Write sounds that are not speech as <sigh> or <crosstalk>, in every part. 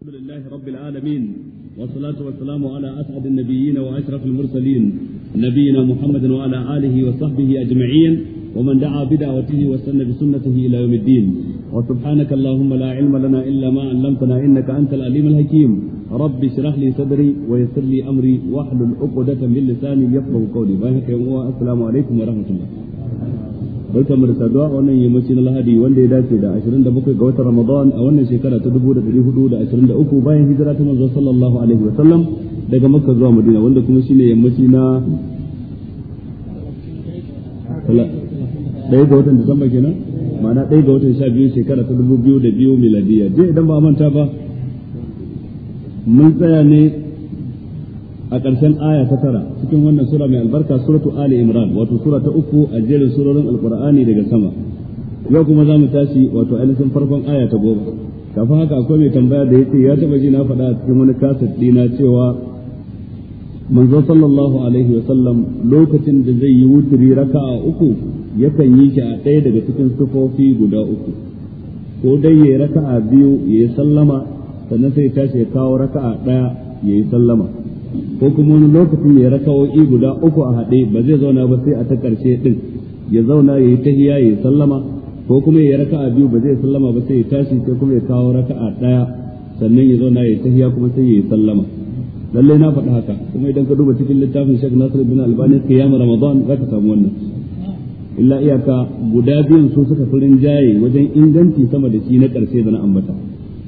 الحمد لله رب العالمين والصلاة والسلام على أسعد النبيين وأشرف المرسلين نبينا محمد وعلى آله وصحبه أجمعين ومن دعا بدعوته وسن بسنته إلى يوم الدين وسبحانك اللهم لا علم لنا إلا ما علمتنا إنك أنت العليم الحكيم رب اشرح لي صدري ويسر لي أمري واحلل عقدة من لساني يفقه قولي السلام عليكم ورحمة الله barka mu da saduwa a wannan yammaci na Lahadi wanda ya dace da 27 ga watan Ramadan a wannan shekara ta 1423 bayan hijira ta manzo sallallahu alaihi wa sallam daga Makka zuwa Madina wanda kuma shine yammaci na ɗaya ga watan Disamba kenan ma'ana ɗaya ga watan 12 shekara ta 2002 miladiya dai idan ba a manta ba mun tsaya ne a ƙarshen aya ta tara cikin wannan sura mai albarka suratu ali imran wato sura ta uku a jerin surorin alqur'ani daga sama yau kuma za mu tashi wato ainihin farkon aya ta goma kafin haka akwai mai tambaya da yace ya taba ji na faɗa a cikin wani kaset dina cewa manzo sallallahu alaihi wa sallam lokacin da zai yi wuturi raka'a uku yakan yi shi a ɗaya daga cikin sufofi guda uku ko dai yayi raka'a biyu yayi sallama sannan sai tashi ya kawo raka'a ɗaya yayi sallama ko kuma wani lokacin ya raka'o'i guda uku a haɗe ba zai zauna ba sai a ta ƙarshe ɗin ya zauna ya yi tahiya ya yi sallama ko kuma ya raka'a biyu ba zai sallama ba sai ya tashi sai kuma ya kawo raka'a ɗaya sannan ya zauna ya yi tahiya kuma sai ya yi sallama lallai na faɗi haka kuma idan ka duba cikin littafin shek Nasir bin Albani Qiyam Ramadan za ka samu wannan illa iyaka guda biyun su suka furin jaye wajen inganci sama da shi na ƙarshe da na ambata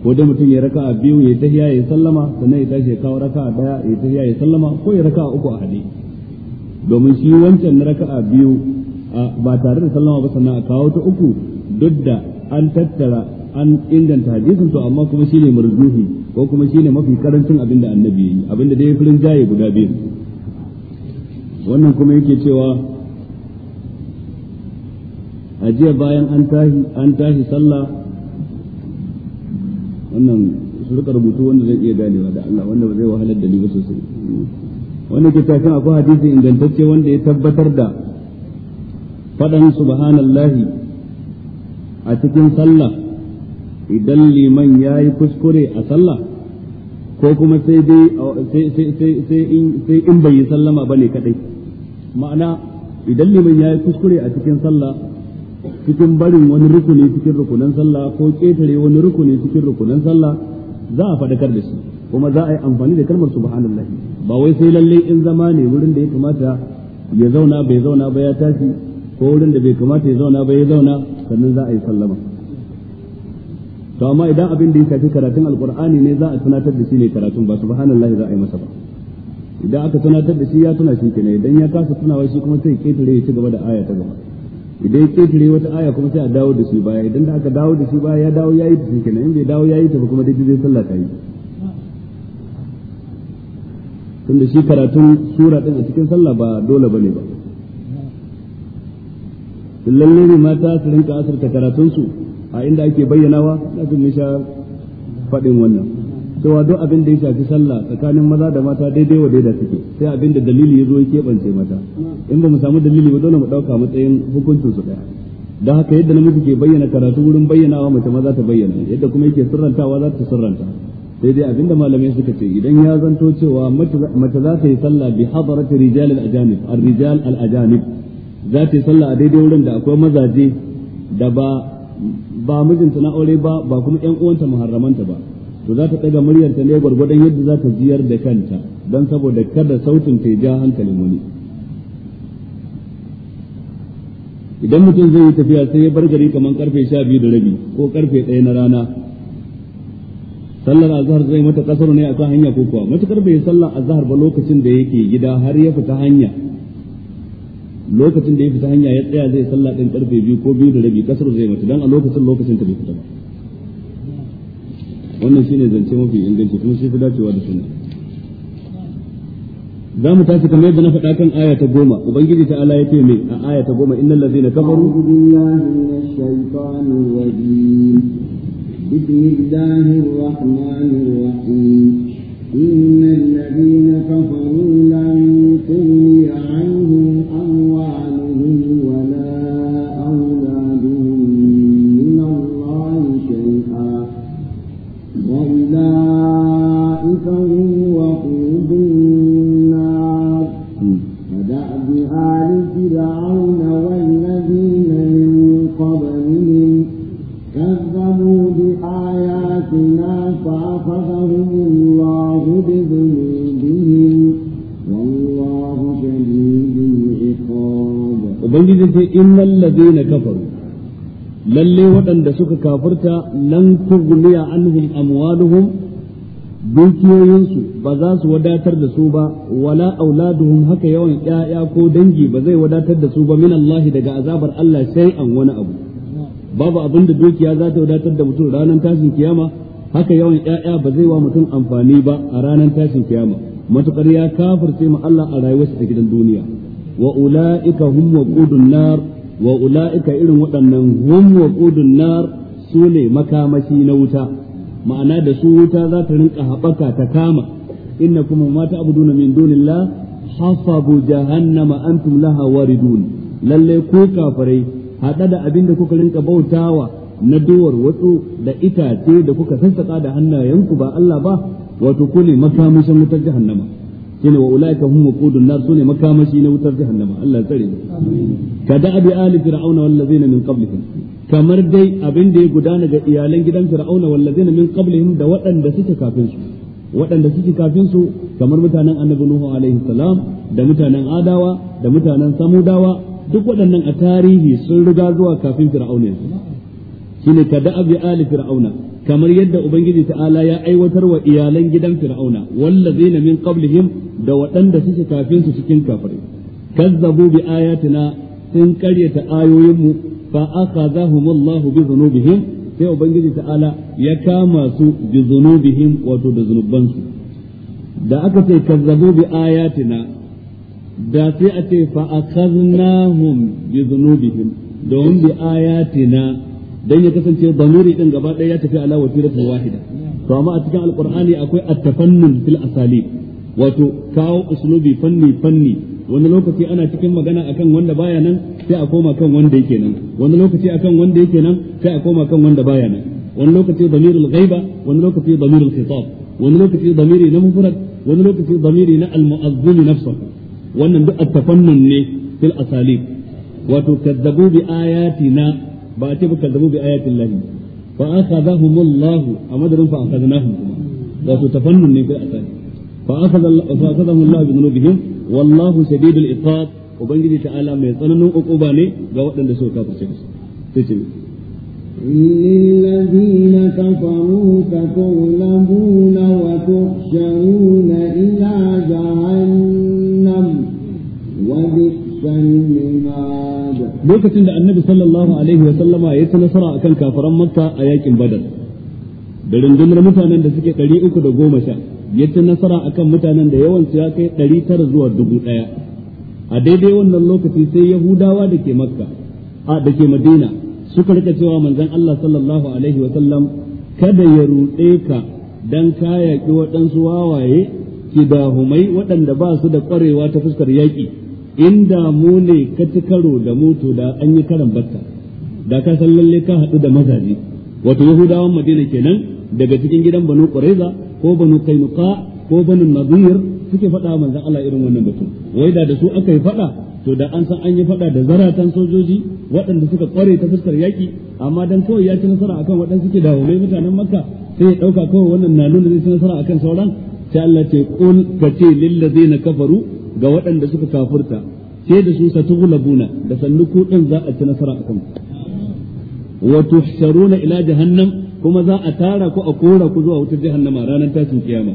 ko dai mutum ya raka'a biyu ya tahiya ya sallama sannan ya tashi ya kawo raka'a daya ya tahiya ya sallama ko ya raka'a uku a hade domin shi wancan na raka'a biyu ba tare da sallama ba sannan a kawo ta uku duk da an tattara an inganta hadisin to amma kuma shine marzuhi ko kuma shine mafi karancin abin da annabi yi abin da dai firin jaye guda biyu wannan kuma yake cewa a jiya bayan an tashi sallah wannan su rika rubutu wanda zai iya ganewa da Allah wanda ba zai wahalar da ni ba sosai wanda ke tafiya akwai hadisi ingantacce wanda ya tabbatar da faɗan subhanallahi a cikin sallah idan liman ya yi kuskure a sallah ko kuma sai dai sai in bai yi sallama ba ne kaɗai ma'ana idan liman ya yi kuskure a cikin sallah cikin barin wani rukuni cikin rukunan sallah ko ƙetare wani rukuni cikin rukunan sallah za a faɗakar da shi kuma za a yi amfani da kalmar subhanallah ba wai sai lalle in zama ne wurin da ya kamata ya zauna bai zauna ba ya tashi ko wurin da bai kamata ya zauna ba ya zauna sannan za a yi sallama to amma idan abin da ya shafi karatun alqur'ani ne za a tunatar da shi ne karatun ba subhanallah za a yi masa ba idan aka tunatar da shi ya tuna shi kenan idan ya kasa tunawa shi kuma sai ketare ya ci gaba da aya ta gaba idan ya ketare wata aya kuma sai a dawo da shi baya idan da aka dawo da shi baya ya dawo yayi ta shi kenan in bai dawo yayi ta ba kuma dai zai sallah ta yi tunda shi karatun sura din a cikin sallah ba dole bane ba lalle ne mata su rinka asirta karatunsu a inda ake bayyanawa na mun sha faɗin wannan cewa duk abin da ya shafi sallah tsakanin maza da mata daidai wa daidai suke sai abin da dalili ya zo ya keɓance mata in ba mu samu dalili ba dole mu ɗauka matsayin hukuncin su ɗaya da haka yadda namiji ke bayyana karatu wurin bayyanawa mace maza ta bayyana yadda kuma yake sirrantawa za ta sirranta sai dai abinda malamai suka ce idan ya zanto cewa mace za ta yi sallah bi hadarati rijal al ajanib ar rijal al ajanib za ta yi sallah a daidai wurin da akwai mazaje da ba ba mijinta na aure ba ba kuma ƴan uwanta muharramanta ba to za ta ɗaga muryarta ne gwargwadon yadda za ta ziyar da kanta don saboda kada sautin ta ja hankalin wani idan mutum zai yi tafiya sai ya bar gari kamar karfe sha biyu da rabi ko karfe ɗaya na rana sallar azhar zai mata kasar ne a kan hanya ko kuwa matukar bai sallar azhar ba lokacin da yake gida har ya fita hanya lokacin da ya fita hanya ya tsaya zai sallar ɗin karfe biyu ko biyu da rabi kasar zai mata dan a lokacin lokacin ta bai fita ba wannan shine zance mafi inganci kuma shi fi dacewa da sunna za mu tashi kamar yadda na faɗa kan aya ta goma ubangiji ta ala ya ce mai a aya ta goma innal ladzina kafaru billahi minash shaitanir rajim bismillahir rahmanir rahim innal ladzina kafaru la kafirta lan tughniya anhum amwaluhum dukiyoyinsu ba za su wadatar da su ba wala auladuhum haka yawan ƴaƴa ko dangi ba zai wadatar da su ba min Allah daga azabar Allah sai an wani abu babu abin da dukiya za ta wadatar da mutum ranar tashin kiyama haka yawan ƴaƴa ba zai wa mutum amfani ba a ranar tashin kiyama matukar ya kafirce ma Allah a rayuwarsa ta gidan duniya wa ulaika hum waqudun nar wa ulaika irin waɗannan hum waqudun nar su ne makamashi na wuta ma'ana da su wuta za ta rinka haɓaka ta kama inna kuma ma ta abuduna min dunillah hafabu jahannama antum laha waridun lalle ku kafirai haɗa da abin da kuka rinka bautawa na duwar wato da itace da kuka sassaka da hannayenku ba Allah ba wato ku ne makamashin wutar jahannama shine wa ulaika hum waqudun nar sune makamashi na wutar jahannama Allah ya tsare mu kada abi ali fir'auna wal ladzina min qablikum kamar dai abin da ya gudana ga iyalan gidan fir'auna wallazina min qablihim da waɗanda suke kafin su waɗanda suke kafin su kamar mutanen annabi nuhu alaihi salam da mutanen adawa da mutanen samudawa duk waɗannan a tarihi sun riga zuwa kafin fir'auna yanzu shine kada abi ali fir'auna kamar yadda ubangiji ta'ala ya aiwatar wa iyalan gidan fir'auna wallazina min qablihim da waɗanda suke kafin su cikin kafirai kazzabu bi ayatina sun karyata ayoyinmu fa akhadhahumullahu bi sai ubangiji ta'ala ya kama su bi dhunubihim wato da zunubansu da aka ce kazzabu bi ayatina da sai a ce fa akhadnahum bi dhunubihim domin bi ayatina dan ya kasance damiri din gaba ɗaya ya tafi ala wasiratu wahida to amma a cikin alqur'ani akwai at-tafannun fil asalib wato kawo uslubi fanni fanni wani lokaci ana cikin magana akan wanda baya nan sai a koma kan wanda yake nan wani lokaci akan wanda yake nan sai a koma kan wanda baya nan wani lokaci damirul ghaiba wani lokaci damirul khitab wani lokaci damiri na mufrad wani lokaci damiri na al-mu'azumi almu'azzim nafsa wannan duk at-tafannun ne fil asalib wato kadzabu bi ayatina ba a ce ba kadzabu bi ayatin lahi fa akhadhahum Allah a madarin fa akhadnahum kuma wato tafannun ne fil asalib فأخذ الله فأخذهم الله بذنوبهم والله شديد العقاب وبنجي تعالى من tsananin uquba ne ga waɗanda suka kafirce للذين كفروا تغلبون وتحشرون إلى جهنم وبئس المهاد lokacin da annabi sallallahu alaihi wa sallama ya ci nasara akan kafiran makka a yakin badar da rundunar mutanen da suke ɗari uku da goma sha ya ci nasara akan mutanen da yawan su ya kai ɗari tara zuwa dubu ɗaya a daidai wannan lokaci sai yahudawa da ke makka a da ke madina suka rika cewa manzon Allah sallallahu alaihi wa sallam kada ya ruɗe ka dan ka yaƙi waɗansu wawaye ki kidahumai waɗanda ba su da ƙwarewa ta fuskar yaƙi inda mu ne ka ci karo da mutu da an yi karan batta da ka san lalle ka haɗu da mazaje wato yahudawan madina kenan daga cikin gidan banu quraiza ko banu kainuka ko banu nadir suke faɗa manzon Allah irin wannan batun wai da da su aka yi faɗa to da an san an yi faɗa da zaratan sojoji waɗanda suka kware ta fuskar yaƙi amma dan kawai ya ci nasara akan waɗanda suke dawolai mutanen makka sai ya ɗauka kawai wannan na nuna zai ci nasara akan sauran sai Allah ce qul ka ce na kafaru ga waɗanda suka kafurta sai da su labuna da sannu ku din za a ci nasara akan wa tuhsharuna ila jahannam kuma za a tara ku a kora ku zuwa wutar jahannama ranar tashin kiyama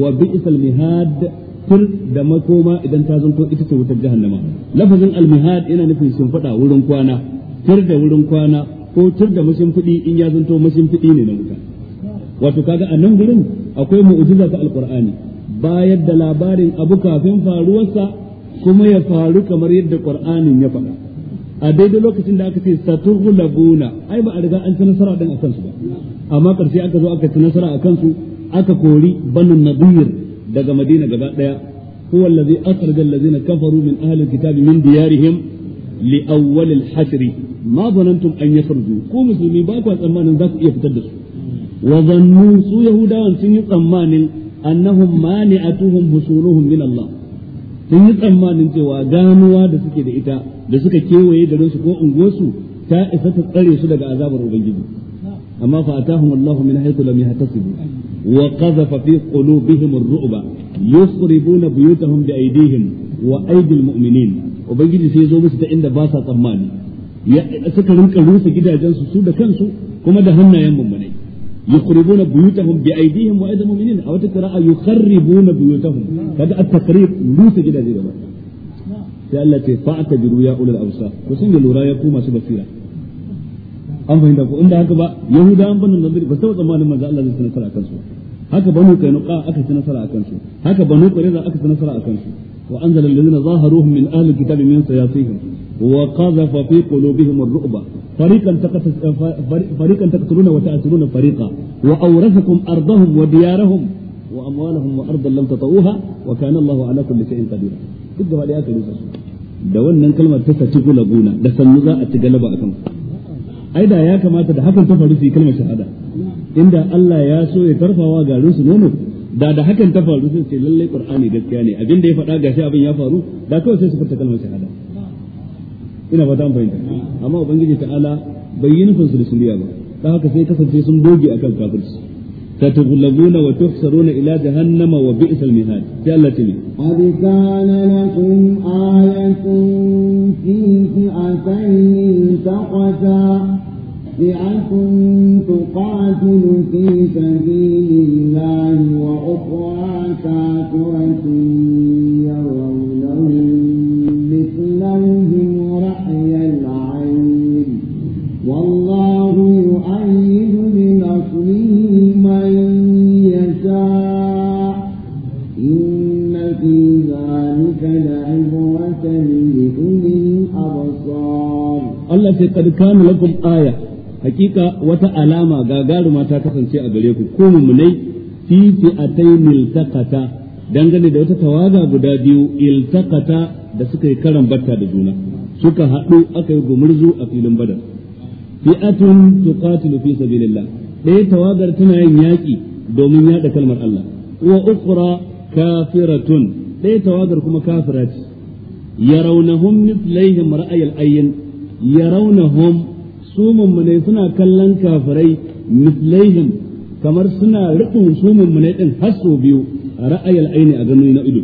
wa bi'sal mihad tur da makoma idan ta zanto ita ce wutar jahannama lafazin al-mihad yana nufin sun fada wurin kwana tur da wurin kwana ko tur da mashin fidi in ya zanto mashin fidi ne na wuta wato kaga a nan gurin akwai mu'jiza ta alqur'ani bayar da labarin abu kafin faruwarsa kuma ya faru kamar yadda qur'anin ya faɗa a daidai lokacin da aka ce satughlabuna ai ba a riga an ci nasara din akan su ba amma karshe aka zo aka ci nasara akan su aka kori banu nadir daga madina gaba daya huwa allazi akhraja allazina kafaru min ahli alkitabi min diyari him li awwal alhasr ma zanantum an yakhruju ku musulmi ba ku tsammanin za ku iya fitar da su wa zannu su yahudawan sun yi tsammanin annahum mani'atuhum husuluhum min allah sun yi tsammanin cewa ganuwa da suke da ita da suka kewaye da su ko unguwarsu ta isa ta tsare su daga azabar ubangiji amma fa atahum Allahu min haythu lam yahtasibu wa qadhafa fi qulubihim ar-ru'ba yusribuna buyutahum bi aydihim wa aydil mu'minin ubangiji sai zo musu ta inda ba sa tsammani suka rinka rusa gidajensu su da kansu kuma da hannayen mummunai يخربون بيوتهم بأيديهم وأيدي المؤمنين أو تقرأ يخربون بيوتهم هذا التخريب لوس جدا زي ما sai Allah ce fa'tabiru ya ulul absar ku sanya lura ya ku masu basira an fahimta ko inda haka ba yahudawan banu nazir ba sau tsammanin manzo Allah zai ci nasara akan su haka banu kainuqa aka ci nasara akan su haka banu qurayza aka ci nasara wa min ahli wa فريقا تقتلون وتأسرون فريقا وأورثكم أرضهم وديارهم وأموالهم وأرضا لم تطؤوها وكان الله على كل شيء قدير ci galaba da ya kamata da hakan ta faru Allah ya so ya nono da da hakan ta faru sai lalle qur'ani gaskiya ne abin da ya faɗa shi abin ya faru da kawai sai su furta kalmar shahada ina ba an bayyana amma ubangiji ta'ala bai yi nufin su da ba ta haka sai kasance sun goge akan kafirci ta tuhlabuna wa tuhsaruna ila jahannama wa bi'sal mihad ya sun tini qad kana lakum ayatun fi fi'atayn taqata لأنكم تقاتل في سبيل الله وأخرى كافرة ce kad kana lakum aya hakika wata alama gagaruma ta kasance a gare ku ku mumunai fi fi'atayn iltaqata dangane da wata tawaga guda biyu iltaqata da suka yi karan batta da juna suka haɗu aka yi gumurzu a filin badar fi'atun tuqatilu fi sabilillah ɗaya tawagar tana yin yaƙi domin yaɗa kalmar Allah wa ukhra kafiratun ɗaya tawagar kuma kafira ce yarawnahum mithlaihim ra'ayil ayyin yarawnahum su mummunai suna kallon kafirai mislaihim kamar suna rubun su mummunai din har sau biyu ra'ayal aini a gano na ido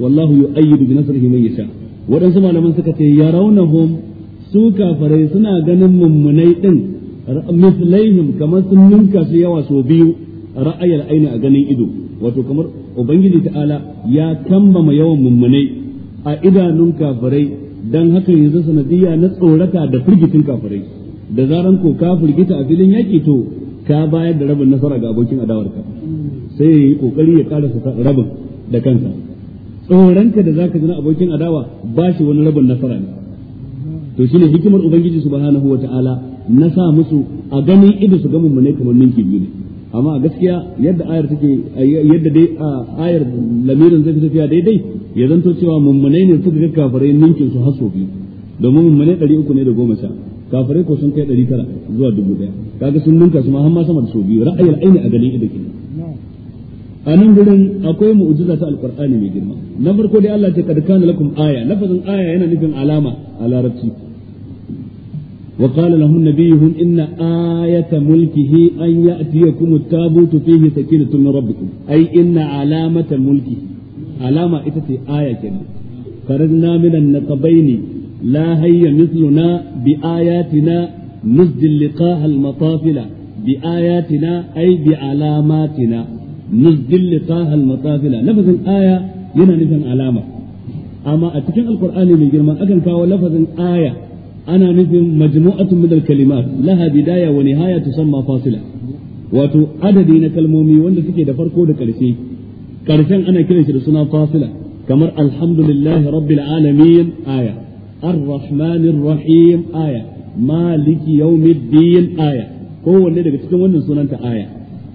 wallahu yu'ayyidu bi nasrihi man yasha waɗansu malaman suka ce yarawnahum su kafirai suna ganin mummunai din mislaihim kamar sun ninka su yawa sau biyu ra'ayal aini a ganin ido wato kamar ubangiji ta'ala ya kambama yawan mummunai a idanun kafirai dan haka yanzu sanadiyya na tsorata da firgitin kafirai da zaran ko ka firgita a filin yaki to ka bayar da rabin nasara ga abokin adawarka sai ya yi kokari ya sa rabin da kansa tsoranka da zaka ji na abokin adawa ba shi wani rabin nasara ne to shine hikimar ubangiji subhanahu wataala na sa musu a ganin ido su ga mummune kamar ninki biyu ne amma gaskiya yadda ayar take yadda dai ayar lamirin zai tafiya daidai ya zanto cewa mummune ne suka ga kafirai ninkin su haso biyu domin mummune ɗari uku ne da goma sha kafirai ko sun kai ɗari tara zuwa dubu ɗaya kaga sun ninka su ma har ma sama da so biyu ra'ayar aini a ganin ido kenan a nan gurin akwai mu'jiza ta alqur'ani mai girma na farko dai Allah ya ce kad kana lakum aya lafazin aya yana nufin alama a larabci وقال لهم نبيهم إن آية ملكه أن يأتيكم التابوت فيه سكينة من ربكم أي إن علامة ملكه علامة إتتي آية كده خرجنا من النقبين لا هي مثلنا بآياتنا نسجي اللقاء المطافلة بآياتنا أي بعلاماتنا نسجي اللقاء المطافلة لفظ آية هنا نفهم علامة أما أتكلم القرآن من جرمان أكن كاو لفظ آية ana nufin majmu'atun min al-kalimat laha bidaya wa nihaya tusamma fasila wato adadi na kalmomi wanda suke da farko da karshe. ƙarshen ana kiran shi da suna fasila kamar alhamdulillahi rabbil alamin aya ar-rahmanir rahim aya maliki yawmiddin aya kowanne daga cikin wannan sunanta aya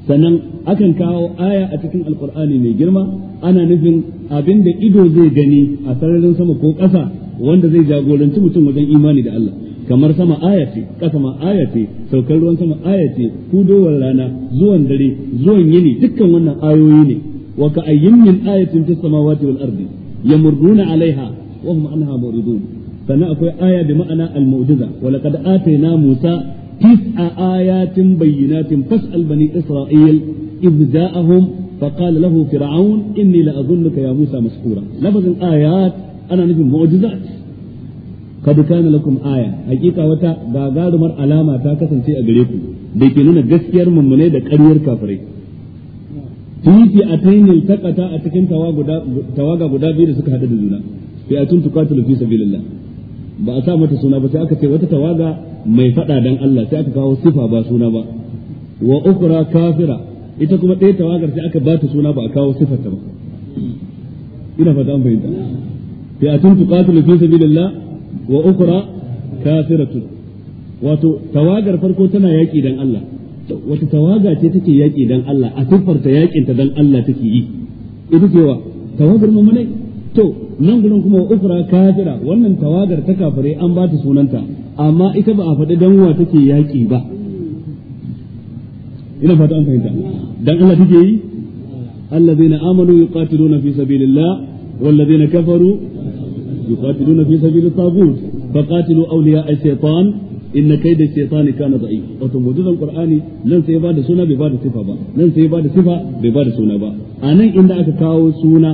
sannan akan kawo aya a cikin alqur'ani mai girma ana nufin abinda ido zai gani a sararin sama ko ƙasa wanda zai jagoranci mutum wajen imani da Allah kamar sama aya ce ƙasa ma aya ce saukar ruwan sama aya ce hudowar rana zuwan dare zuwan yini dukkan wannan ayoyi ne wa ka ayyin min ayatin fis samawati wal ardi yamurruna alaiha wa hum anha muridun sannan akwai aya bi ma'ana al mu'jiza wa laqad atayna musa tis'a ayatin bayyinatin fas'al bani isra'il إذ جاءهم فقال له فرعون إني لأظنك يا موسى مسحورا لفظ الآيات ana nufin mu'jizat kad kana lakum aya hakika wata gagarumar alama ta kasance a gare ku da ke nuna gaskiyar mummune da ƙaryar kafirai tufi atainil taqata a cikin tawaga guda biyu da suka hada da juna fi atun tuqatilu fi sabilillah ba a sa mata suna ba sai aka ce wata tawaga mai fada dan Allah sai aka kawo sifa ba suna ba wa ukhra kafira ita kuma ɗaya tawagar sai aka ba ta suna ba a kawo sifarta ba ina fata an fahimta fi'atun tuqatilu fi sabilillah wa ukhra kafiratun wato tawagar farko tana yaki dan Allah wato tawaga ce take yaki dan Allah a tuffarta yakin ta dan Allah take yi ita ce wa tawagar mu'minai to nan gurin kuma ukra kafira wannan tawagar ta kafare an ba ta sunanta amma ita ba a faɗi dan wa take yaki ba ina fata an fahimta dan Allah take yi allazina amanu yuqatiluna fi sabilillah والذين كفروا yuqatiluna fi sabili tagut faqatilu awliya ash-shaytan inna kayda ash-shaytani kana da'if wato mu'jizan qur'ani nan sai ba da suna bai ba sifa ba nan sai ba da sifa bai ba suna ba inda aka kawo suna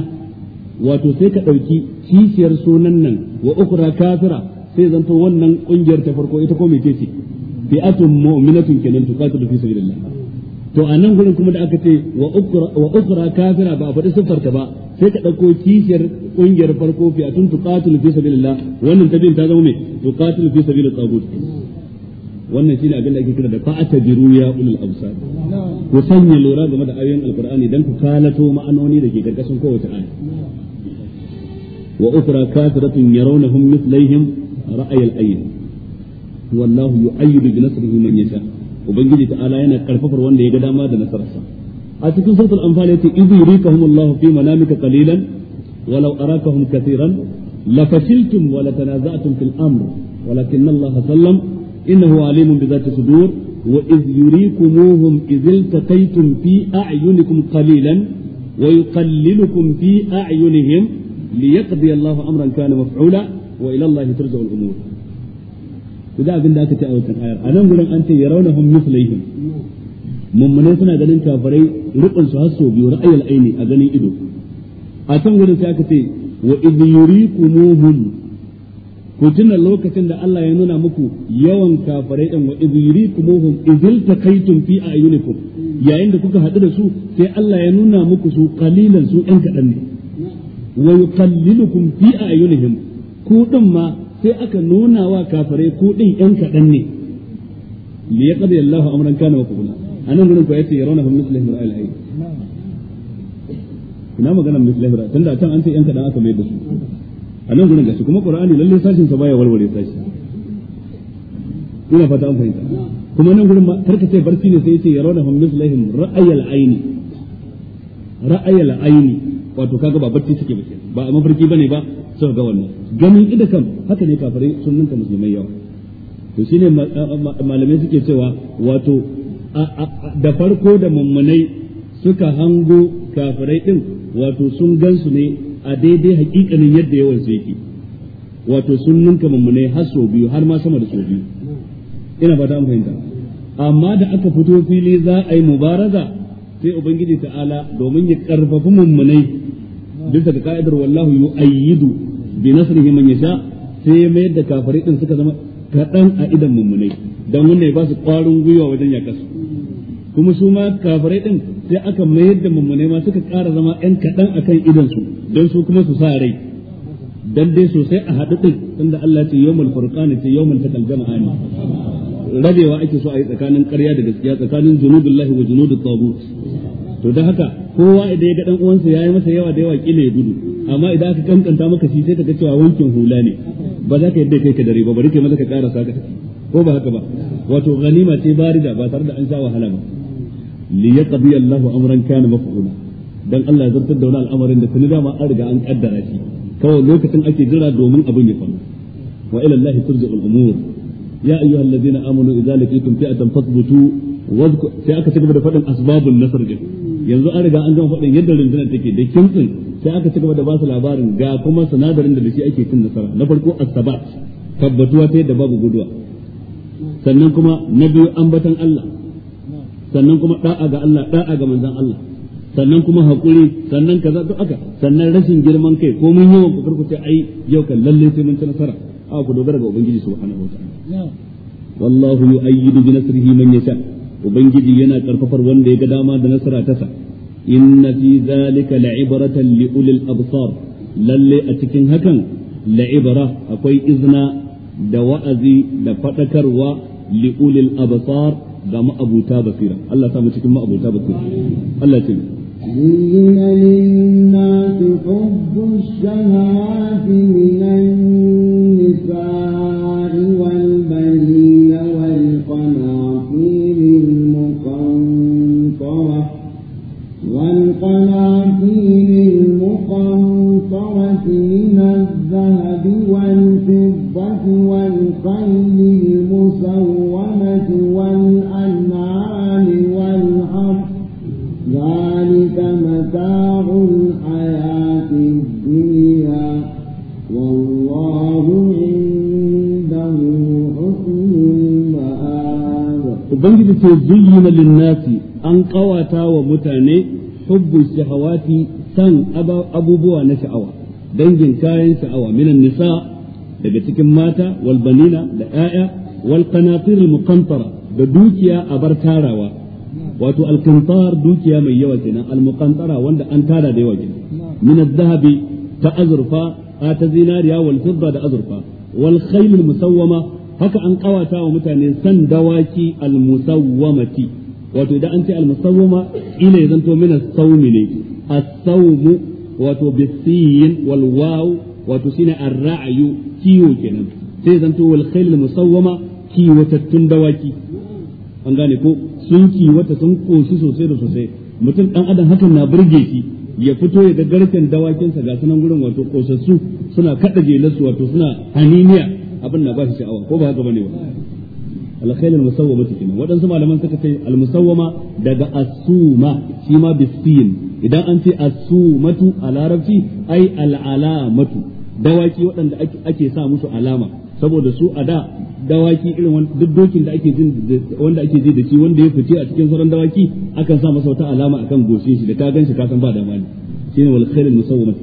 wato sai ka ɗauki kishiyar sunan nan wa ukhra kafira sai zanto wannan ƙungiyar ta farko ita ko mece ce fi'atun mu'minatun kenan tuqatilu fi sabilillah to a nan gurin kuma da aka ce wa ukra kafira ba a faɗi siffarta ba sai ka ɗauko kishiyar ƙungiyar farko fi tun tuqatul fi sabilillah wannan tabin ta zama me tuqatul fi sabilil tagut wannan shi shine abin da ake kira da fa'atajiru ya ulul absar ku sanya lura game da ayoyin alqur'ani dan ku kalato ma'anoni da ke karkashin kowace aya wa ukra kafiratun yarawnahum mithlaihim ra'ayil ayn wallahu yu'ayyidu bi nasrihi man yasha ubangiji ta'ala yana karfafar wanda ya ga dama da nasararsa a cikin suratul anfal yace idh yurikahum Allah fi manamika qalilan walau arakahum katiran lafashiltum wa latanaza'tum fil amr walakinna Allah sallam innahu alimun bi dhati sudur wa idh yurikumuhum idh iltaqaytum fi a'yunikum qalilan wa yuqallilukum fi a'yunihim liyaqdi Allah amran kana maf'ula wa ila Allah turja'u al-umur da abin da aka ce a wannan ayar a nan gurin an ce yarawnahum mislaihim mummune suna ganin kafirai rukun su hasso biyu ra'ayil aini a ganin ido a can gurin sai aka ce wa idh yurikumuhum ku tuna lokacin da Allah ya nuna muku yawan kafirai din wa idh yurikumuhum idil takaitum fi ayunikum yayin da kuka hadu da su sai Allah ya nuna muku su qalilan su ɗan kaɗan ne wa yuqallilukum fi ayunihim ku din ma sai aka nuna wa kafirai ku din ɗan kaɗan ne li Allahu amran kana wa qula nan anan gurin ko yace yarawna hum mislihim ra'al ayn ina magana mislihim ra'al tunda can an ce yan kadan aka mai da su anan gurin gashi kuma qur'ani lalle sashin sa baya warware sashi ina fata an fahimta kuma nan gurin karka ce barci ne sai yace yarawna hum mislihim ra'ayal ayn ra'ayal ayn wato kaga ba barci suke ba ba a mafarki bane ba suka ga wannan ganin ida kan haka ne kafirai sun ninka musulmai yawa to shine malamai suke cewa wato da farko da mummunai suka hango kafirai ɗin, wato sun gansu ne a daidai hakikanin yadda yawan su yake wato sun ninka mummunai har sau biyu har ma sama da sau biyu ina fata fahimta amma da aka fito fili za a yi mubaraza sai ubangiji ta'ala domin ya karfafi mummunai bisa ga ka'idar wallahu yu'ayyidu bi nasrihi man yasha sai ya mayar da kafirai din suka zama kaɗan a idan mummunai don wannan ya ba su ƙwarin gwiwa wajen yakasu kuma su ma kafirai din sai aka mayar da mummune ma suka ƙara zama ɗan kaɗan akan idan su don su kuma su sa rai dan dai sosai a haɗu din tunda Allah ce yawmul furqan ce yawmul jama'a ne. rabewa ake so a yi tsakanin ƙarya da gaskiya tsakanin junubillahi wa junudut tagut to dan haka kowa idan ya ga dan uwansa yayi masa yawa da yawa kila ya gudu amma idan aka kankanta maka shi sai ka cewa wankin hula ne ba za ka yadda kai ka dare ba bari kai maza ka karasa ka ko ba haka ba wato ganima ce barida ba tare da an sha wahala ba li yaqdi Allahu amran kana maf'ula dan Allah ya zartar da wani al'amarin da tuni dama an riga an kaddara shi kawai lokacin ake jira domin abin ya faru wa ila Allah turja'ul umur ya ayyuhal ladina amanu idza laqitum fi'atan fasbutu wadhkur sai aka cigaba da fadin asbabun nasr din yanzu an riga an gama fadin yadda rundunar take da kintsin sai aka cigaba da ba su labarin ga kuma sinadarin da shi ake cin nasara na farko as-sabat tabbatuwa ta yadda babu guduwa sannan kuma na biyu ambatan Allah sannan kuma da'a ga Allah da'a ga manzon Allah sannan kuma hakuri sannan kaza duk aka sannan rashin girman kai ko mun yawan kokar ku ce ai yau kan lalle sai mun ci nasara a ku dogara ga ubangiji subhanahu wa wallahu yu'ayyidu bi nasrihi man yasha ubangiji yana karfafar wanda ya ga dama da nasara ta sa inna fi zalika la'ibratan li ulil absar lalle a cikin hakan la'ibra akwai izna da wa'azi da fadakarwa li ulil absar ga ma'abuta basira Allah samu cikin ma'abuta basira Allah ce زين للناس حب الشهوات من النساء mutane hubbu shahawati san abubuwa na sha'awa dangin kayan sha'awa minan nisa daga cikin mata wal banina da 'ya'ya wal qanatir al da dukiya a bar tarawa wato al dukiya mai yawa kenan al muqantara wanda an tara da yawa kenan min al dhahabi ta azurfa ta zinariya wal fidda da azurfa wal khayl al musawwama haka an kawata wa mutane san dawaki al musawwamati wato idan an ce al-musawwama ila ya zanto min as-sawmi ne as-sawmu wato bisiyin wal waw wato shine ar-ra'yu kiwo kenan sai zanto wal khayl al-musawwama kiwatattun dawaki an gane ko sun kiwata sun koshi sosai da sosai mutum dan adam hakan na burge shi ya fito ya ga dawakinsa ga sunan gurin wato kosassu suna kada jelarsu wato suna haniniya abin na ba shi sha'awa ko ba haka bane ba alkhayl almusawwama kenan waɗansu malaman suka ce almusawwama daga asuma shi ma bisin idan an ce asumatu a larabci ai al'alamatu dawaki waɗanda ake sa musu alama saboda su a da dawaki irin duk dokin da ake jin wanda ake ji da shi wanda ya fice a cikin sauran dawaki akan sa masa wata alama akan goshin shi da ka ganshi ka san ba da ne shine wal khayl almusawwama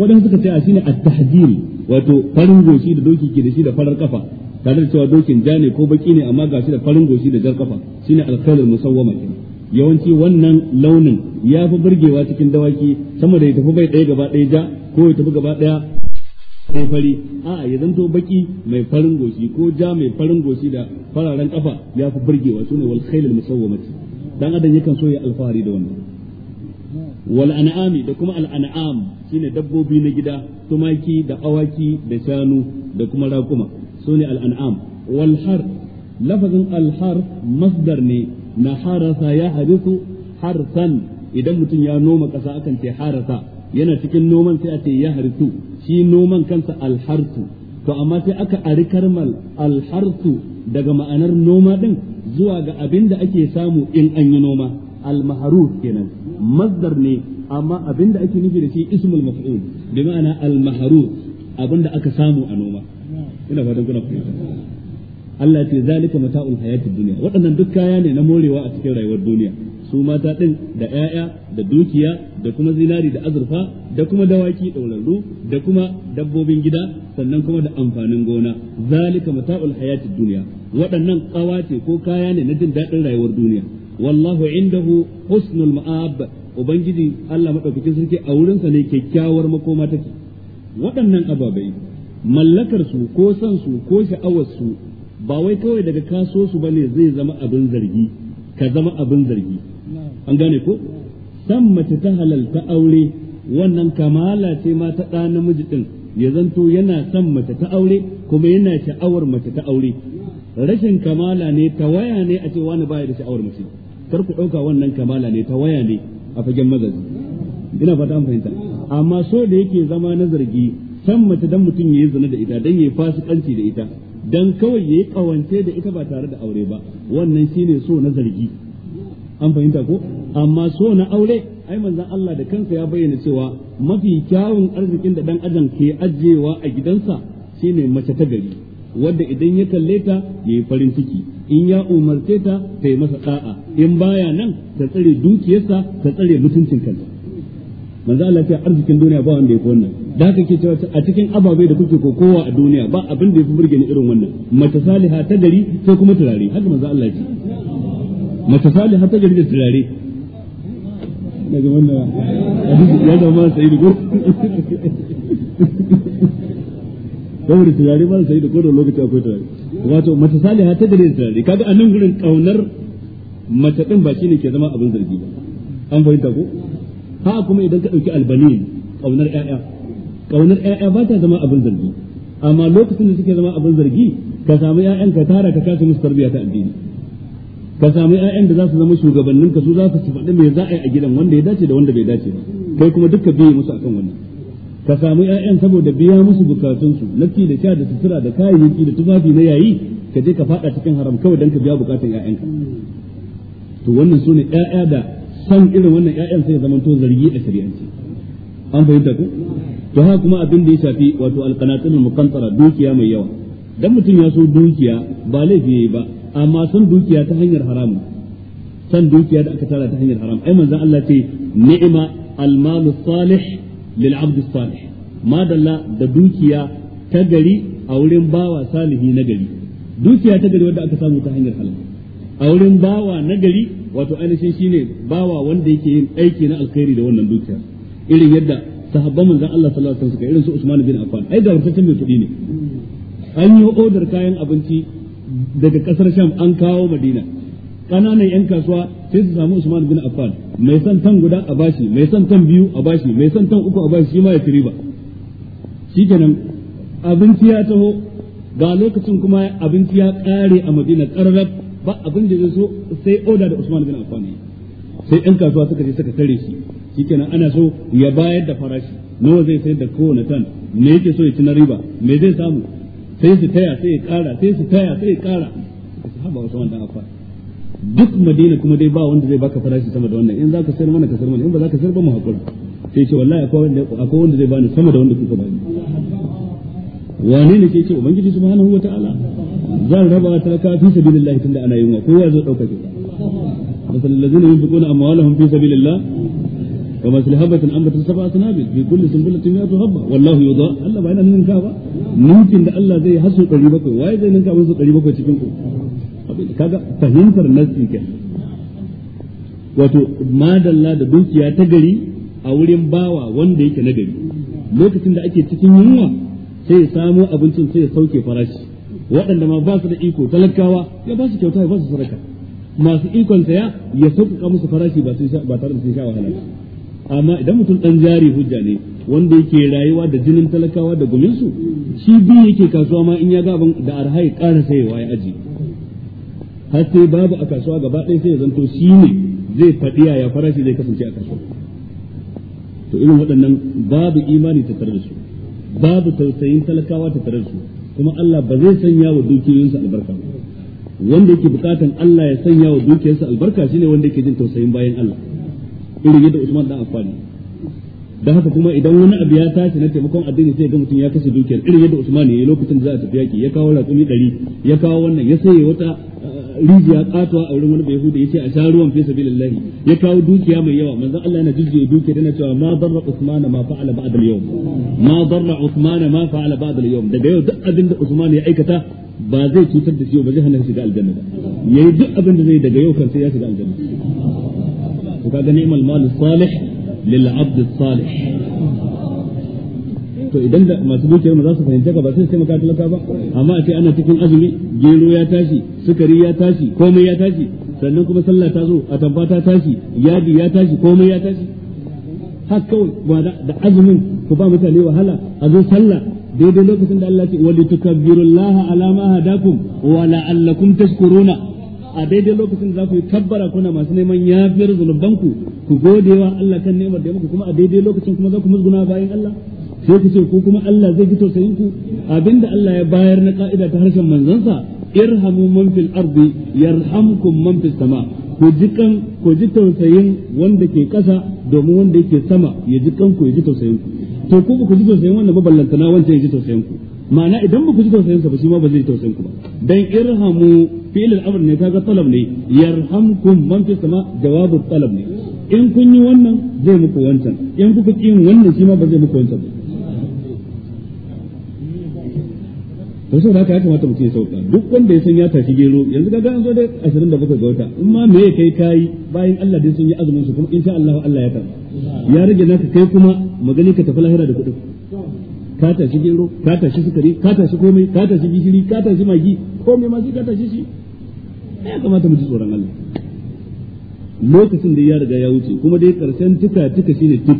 waɗansu suka ce a shine at-tahdil wato farin goshi da doki ke da shi da farar kafa tare da cewa dokin ja ne ko baki ne amma gashi da farin goshi da jar kafa shine alkhairul musawwama yawanci wannan launin ya fi burgewa cikin dawaki sama da ya tafi bai ɗaya gaba ɗaya ja ko ya tafi gaba ɗaya ko fari a ya zanto baki mai farin goshi ko ja mai farin goshi da fararen kafa ya fi burgewa sune wal khailul musawwama dan adam yakan so ya alfahari da wannan wal an'ami da kuma al an'am shine dabbobi na gida tumaki da awaki da shanu da kuma raƙuma sune al-an'am wal har lafazin al-har masdar ne na harasa ya harisu harsan idan mutum ya noma ƙasa akan ta harasa yana cikin noman sai a ce ya harisu shi noman kansa al to amma sai aka ari karmal al daga ma'anar noma ɗin zuwa ga abin da ake samu in anyi noma al-maharuf kenan masdar ne amma abinda ake nufi da shi ismul maf'ul bi ma'ana al-maharuf abin da aka samu a noma ina fatan kuna fahimta Allah ce zalika mata'ul hayati dunya waɗannan duk kaya ne na morewa a cikin rayuwar duniya su mata din da 'ya'ya da dukiya da kuma zinari da azurfa da kuma dawaki ɗaurarru da kuma dabbobin gida sannan kuma da amfanin gona zalika mata'ul hayati duniya waɗannan kawace ko kaya ne na jin daɗin rayuwar duniya wallahu indahu husnul ma'ab ubangiji Allah madaukakin sarki a wurinsa ne kyakkyawar makoma take waɗannan ababai mallakar su ko san su ko sha'awar su ba wai kawai daga kaso su bane zai zama abin zargi ka zama abin zargi an gane ko san mace ta halalta aure wannan kamala ce ma ta ɗa namiji din ya zanto yana san mace ta aure kuma yana sha'awar mace ta aure rashin kamala ne ta waya ne a ce wani baya da sha'awar mace kar ku ɗauka wannan kamala ne ta waya ne a fagen mazaji ina fata an fahimta amma so da yake zama na zargi san mace dan mutum yayi zina da ita dan yi fasikanci da ita dan kawai yayi kawance da ita ba tare da aure ba wannan shine so na zargi an fahimta ko amma so na aure ai manzon Allah da kansa ya bayyana cewa mafi kyawun arzikin da dan adam ke ajiyewa a gidansa shine mace ta gari wanda idan ya kalle ta yayi farin ciki in ya umarce ta ta yi masa da'a in baya nan ta tsare dukiyarsa ta tsare mutuncin kanta manzo Allah ya arzikin duniya ba wanda ya fi wannan da haka ke cewa a cikin ababai da kuke kokowa a duniya ba abin da ya fi burge ni irin wannan mace saliha ta gari ko kuma turare haka manzo Allah ya ce mace saliha ta gari da turare daga wannan ya zama sai da gudu saboda turare ba sai da kodo lokaci akwai turare wato mace saliha ta gari da turare kaga anan gurin kaunar mace din ba shine ke zama abin zargi ba an fahimta ko ha kuma idan ka dauki albanin kaunar ƴaƴa kaunar ƴaƴa ba ta zama abin zargi amma lokacin da suke zama abin zargi ka samu ƴaƴan ka tara ka kasa musu tarbiyya ta addini ka samu ƴaƴan da za su zama shugabannin ka su za su faɗi me za a yi a gidan wanda ya dace da wanda bai dace ba kai kuma duka biye musu akan wannan ka samu ƴaƴan saboda biya musu bukatunsu na ci da sha da sutura da kayayyaki da tufafi na yayi ka je ka faɗa cikin haram kawai dan ka biya bukatun ƴaƴanka to wannan sune ƴaƴa da san irin wannan ƴaƴan sai ya zamanto zargi a shari'ance an fahimta ko to haka kuma abin da ya shafi wato alqanatul muqantara dukiya mai yawa dan mutum ya so dukiya ba laifi yayi ba amma san dukiya ta hanyar haramun san dukiya da aka tara ta hanyar haram ai manzon Allah ce ni'ma almalu salih lil abd salih madalla da dukiya ta gari a wurin bawa salihi na gari dukiya ta gari wanda aka samu ta hanyar halal a wurin bawa na gari wato ainihin shine bawa wanda yake yin aiki na alkhairi da wannan dukiya irin yadda sahabban manzon Allah sallallahu alaihi wasallam irin su Usman bin Affan ai gawartaccen mai kuɗi ne an yi odar kayan abinci daga kasar Sham an kawo Madina kananan yan kasuwa sai su samu Usman bin Affan mai son tan guda a bashi mai son tan biyu a bashi mai son tan uku a bashi shi ma ya tiri ba shikenan abinci ya taho ga lokacin kuma abinci ya kare a Madina karrab ba abin da zai so sai oda da Usman bin Affan sai yan kasuwa suka je suka tare shi nan ana so ya bayar da farashi nawa zai sayar da kowane tan me yake so ya ci na riba me zai samu sai su taya sai ya kara sai su taya sai ya kara haba wasu wanda afa duk madina kuma dai ba wanda zai baka farashi sama da wannan in zaka sayar mana ka sayar mana in ba zaka sayar ba mu hakuri sai ce wallahi akwai wanda akwai wanda zai bani sama da wanda kuka bani wane ne ke ce ubangiji subhanahu wataala zan raba ta ka fi sabilillah tunda ana yunwa kowa zai dauka ke مثل الذين ينفقون أموالهم في سبيل الله ومثل هبة أنبت سبع سنابل في كل سنبلة مئة هبة والله يضاء الله بعدين من ننكا ممكن ده الله زي حسو قريبك واي زي ننكا حسو قريبك وتشكنكو kaga fahimtar nassi kenan wato madalla da dukiya ta gari a wurin bawa wanda yake na gari lokacin da ake cikin yunwa sai ya samo abincin sai ya sauke farashi waɗanda ma ba su da iko talakawa ya ba su kyauta ya ba su saraka masu ikon saya ya sauƙaƙa musu farashi ba tare da sun sha wahala amma idan mutum dan jari hujja ne wanda yake rayuwa da jinin talakawa da guminsu shi bi yake kasuwa ma in ya ga da arhai ƙara sayewa ya aji har sai babu a kasuwa gaba ɗaya sai ya zanto shi ne zai faɗi ya farashi zai kasance a kasuwa to irin waɗannan babu imani tare da su babu tausayin talakawa tare da su kuma Allah ba zai sanya wa dukiyoyinsu albarka wanda yake bukatan Allah ya sanya wa dukiyarsa albarka shine wanda yake jin tausayin bayan Allah irin yadda Usman dan Affan da haka kuma idan wani abu ya tashi na taimakon addini sai ga mutum ya kashe dukiyar irin yadda Usman ya lokacin da za a tafi yaki ya kawo raƙumi ɗari ya kawo wannan ya saye wata uh, rijiya katuwa a wurin wani bai ya yace a sha ruwan fi sabilillahi ya kawo dukiya mai yawa manzon Allah yana jujjuya dukiya yana cewa ma darra Usman ma fa'ala ba'da al-yawm ma darra Usman ma fa'ala ba'da al-yawm daga yau duk abin da Usman ya aikata ba zai cutar da shi ba zai hana shi shiga aljanna ba yayi duk abin da zai daga yau kan sai ya shiga aljanna to kaga ni'mal malu salih lil abd salih to idan da masu dukiyar mu za su fahimci ka ba sai sai maka talaka ba amma a ana cikin azumi gero ya tashi sukari ya tashi komai ya tashi sannan kuma sallah ta zo a tabba ta tashi yadi ya tashi komai ya tashi haka kawai ba da azumin ku ba mutane wahala a zo sallah daidai lokacin da Allah ce wa litukabbirullaha ala ma hadakum wa la'allakum tashkuruna a daidai lokacin da za ku yi tabbara kuna masu neman yafiyar zunubanku ku gode wa Allah kan ni'imar da ya muku kuma a daidai lokacin kuma za ku musguna bayan Allah sai ku ce ku kuma Allah zai ji tausayin ku abinda Allah ya bayar na ka'ida ta harshen manzansa irhamu man fil ardi yarhamkum man fis sama ku ji kan ku ji tausayin wanda ke kasa domin wanda yake sama ya ji kan ku ya ji tausayin ku to ku ku ji tausayin wannan ballantana wancan ya ji tausayin ku ma'ana idan ba ku ji tausayin sa ba shi ma ba zai tausayin ku ba dan irhamu fi'il al-amr ne kaga talab ne yarhamkum man fi sama jawabu talab ne in kun yi wannan zai muku wancan in kuka ki yin wannan shi ma ba zai muku wancan ba to sai haka ya kamata mutum ya sauka duk wanda ya san ya tashi gero yanzu kaga an zo da 27 ga wata in ma me kai kai bayan Allah dai sun yi azumin su kuma insha Allah Allah ya karba ya rage naka kai kuma magani ka tafi lahira da kudin ka tashi gero ka tashi sukari ka tashi komai ka tashi gishiri ka tashi magi komai ma sai ka tashi shi ya kamata mu ji tsoron Allah lokacin da ya riga ya wuce kuma dai karshen tuka tuka shine tuk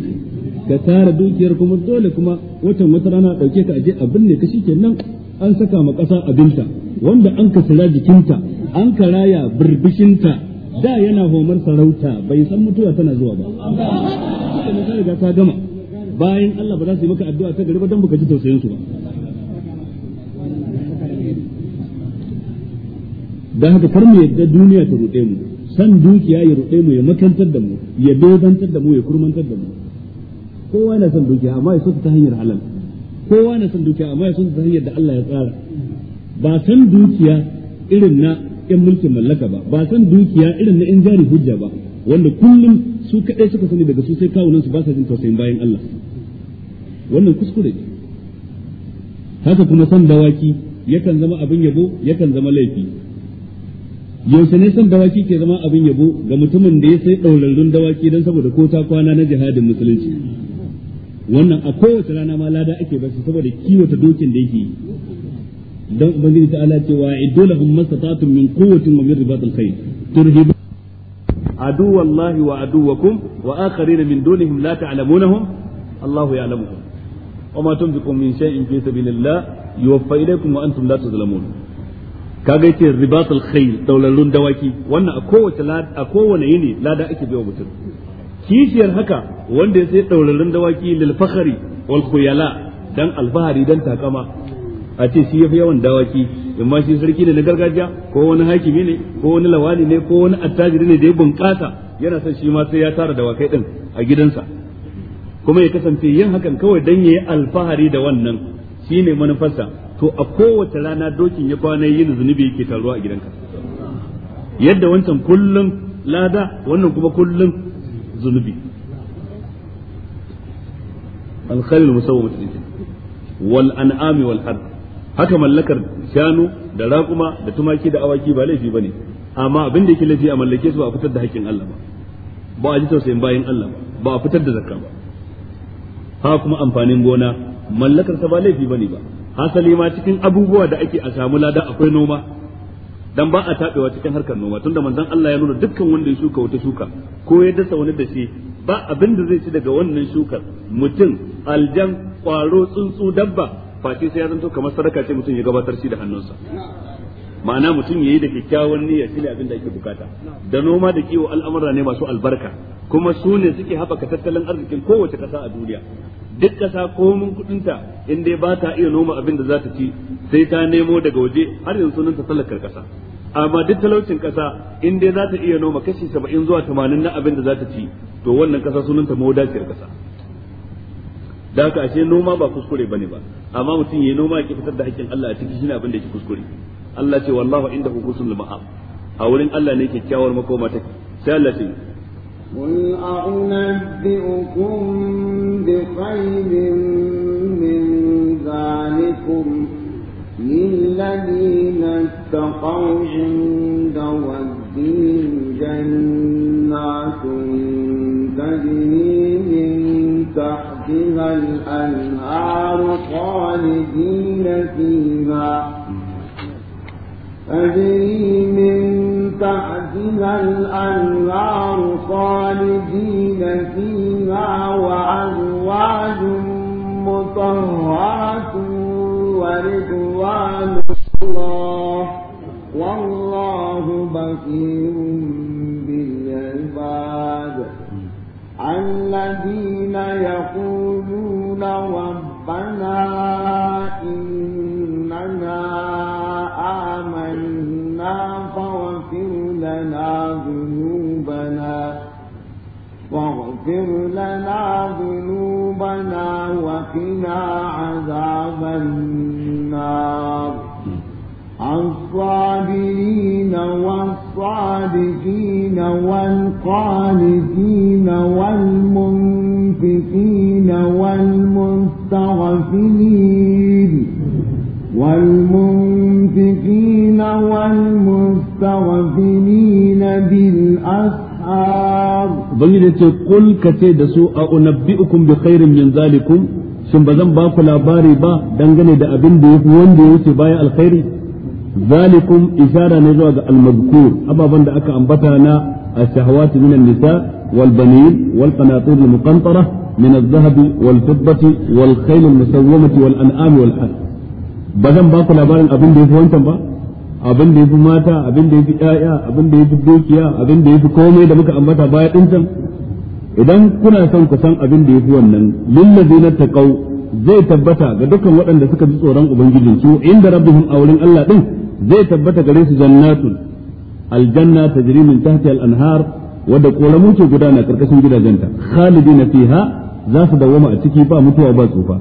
ka tara dukiyar kuma dole kuma watan wata rana dauke ka aje abin ne ka shikenan an saka ma kasa abinta wanda an kasira jikinta an karaya birbishinta da yana homar sarauta bai san mutuwa tana zuwa ba ta riga ta gama bayan Allah ba za su yi maka addu'a ta gari ba don baka ji tausayin su ba dan haka kar mu yadda duniya ta ruɗe mu san dukiya ya ruɗe mu ya makantar da mu ya bebantar da mu ya kurmantar da mu kowa yana san dukiya amma ya ta hanyar halal kowa na san dukiya amma ya ta hanyar da Allah ya tsara ba san dukiya irin na yan mulkin mallaka ba ba san dukiya irin na yan jari hujja ba wanda kullum su kaɗai suka sani daga su sai kawunan su ba sa jin tausayin bayan Allah wannan kuskure ne haka kuma san dawaki yakan zama abin yabo yakan zama laifi yaushe ne san dawaki ke zama abin yabo ga mutumin da ya sai ɗaurarrun dawaki don saboda ko ta kwana na jihadin musulunci wannan a kowace rana ma lada ake bashi saboda kiwata dokin da yake yi don ubangiji ta ala cewa idolahum mastata'tum min quwwatin wa min ribatil khayr turhibu عدو الله وعدوكم وآخرين من دونهم لا تعلمونهم الله يعلمهم وما تنفقوا من شيء في سبيل الله يوفى إليكم وأنتم لا تظلمون kaga yace ribatul khayl daulalun dawaki wannan a kowace a kowane yini lada ake biyo mutum kishiyar haka wanda ya sai daulalun dawaki lil fakhri wal khuyala dan alfahari dan takama a ce shi yafi yawan dawaki in shi sarki ne na gargajiya ko wani hakimi ne ko wani lawali ne ko wani attajiri ne da ya bunƙasa yana son shi ma sai ya tara dawakai din a gidansa kuma ya kasance yin hakan kawai dan yayi alfahari da wannan shine manufarsa to a kowace rana dokin ya kwana yin zunubi yake taruwa a gidanka yadda wancan kullum lada wannan kuma kullum zunubi alkhalil musawwamatu wal an'ami wal har haka mallakar shanu da raƙuma da tumaki da awaki ba laifi bane amma abin da yake laifi a mallake su ba a fitar da haƙƙin Allah ba ba a ji tausayin bayan Allah ba ba a fitar da zakka ba ha kuma amfanin gona mallakar sa ba laifi bane ba hasali ma cikin abubuwa da ake a samu lada akwai noma dan ba a tabewa cikin harkar noma tunda manzon Allah ya nuna dukkan wanda ya shuka wata shuka ko ya dasa wani dashi ba abin da zai ci daga wannan shukar mutum aljan kwaro tsuntsu dabba face sai ya zanto kamar sadaka ce mutum ya gabatar shi da hannunsa ma'ana mutum yayi da kyakkyawan niyya ne abin da ake bukata da noma da kiwo al'amura ne masu albarka kuma sune ne suke haɓaka tattalin arzikin kowace ƙasa a duniya duk ƙasa komin kuɗinta in dai ba ta iya noma abin da za ta ci sai ta nemo daga waje har yanzu nan ta talakar ƙasa amma duk talaucin ƙasa in dai za ta iya noma kashi saba'in zuwa tamanin na abin da za ta ci to wannan ƙasa sunanta mawudaciyar ƙasa da haka ashe noma ba kuskure bane ba amma mutum yayi noma ya fitar da hakkin Allah a cikin shine abin da yake kuskure Allah ce wallahu indahu husnul ma'ab a wurin Allah ne kyakkyawar makoma take sai Allah ce قل أعنبئكم بخير من ذلكم للذين اتقوا عند ربهم جنات تجري من تحت تحتها الأنهار خالدين فيها تجري من تحتها الأنهار خالدين فيها وأزواج مطهرة ورضوان الله والله بصير الذين يقولون ربنا إننا آمنا فاغفر لنا ذنوبنا واغفر لنا ذنوبنا وقنا عذاب النار الصابرين والصادقين والقانتين ce kul ka ce da su a unabbi'ukum bi khairin min zalikum shin ba zan ba labari ba dangane da abin da yafi wanda ya wuce bayan alkhairi zalikum ishara ne zuwa ga almazkur ababan da aka ambata na ashahawat min an-nisa wal banin wal qanatir al-muqantara min adh-dhahabi wal fiddati wal khayl al-musawwamati wal an'am wal harth ba zan ba ku labarin abin da yafi wancan ba abin da yafi muka ambata baya din idan kuna son ku san abin da ya fi wannan ta taqaw zai tabbata ga dukkan waɗanda suka ji tsoron ubangiji su inda rabbihim a wurin Allah din zai tabbata gare su jannatun aljanna tajri min tahtiha al-anhar wadda kolamu ke gudana karkashin gidajenta khalidina fiha za su dawoma a ciki ba mutuwa ba tsufa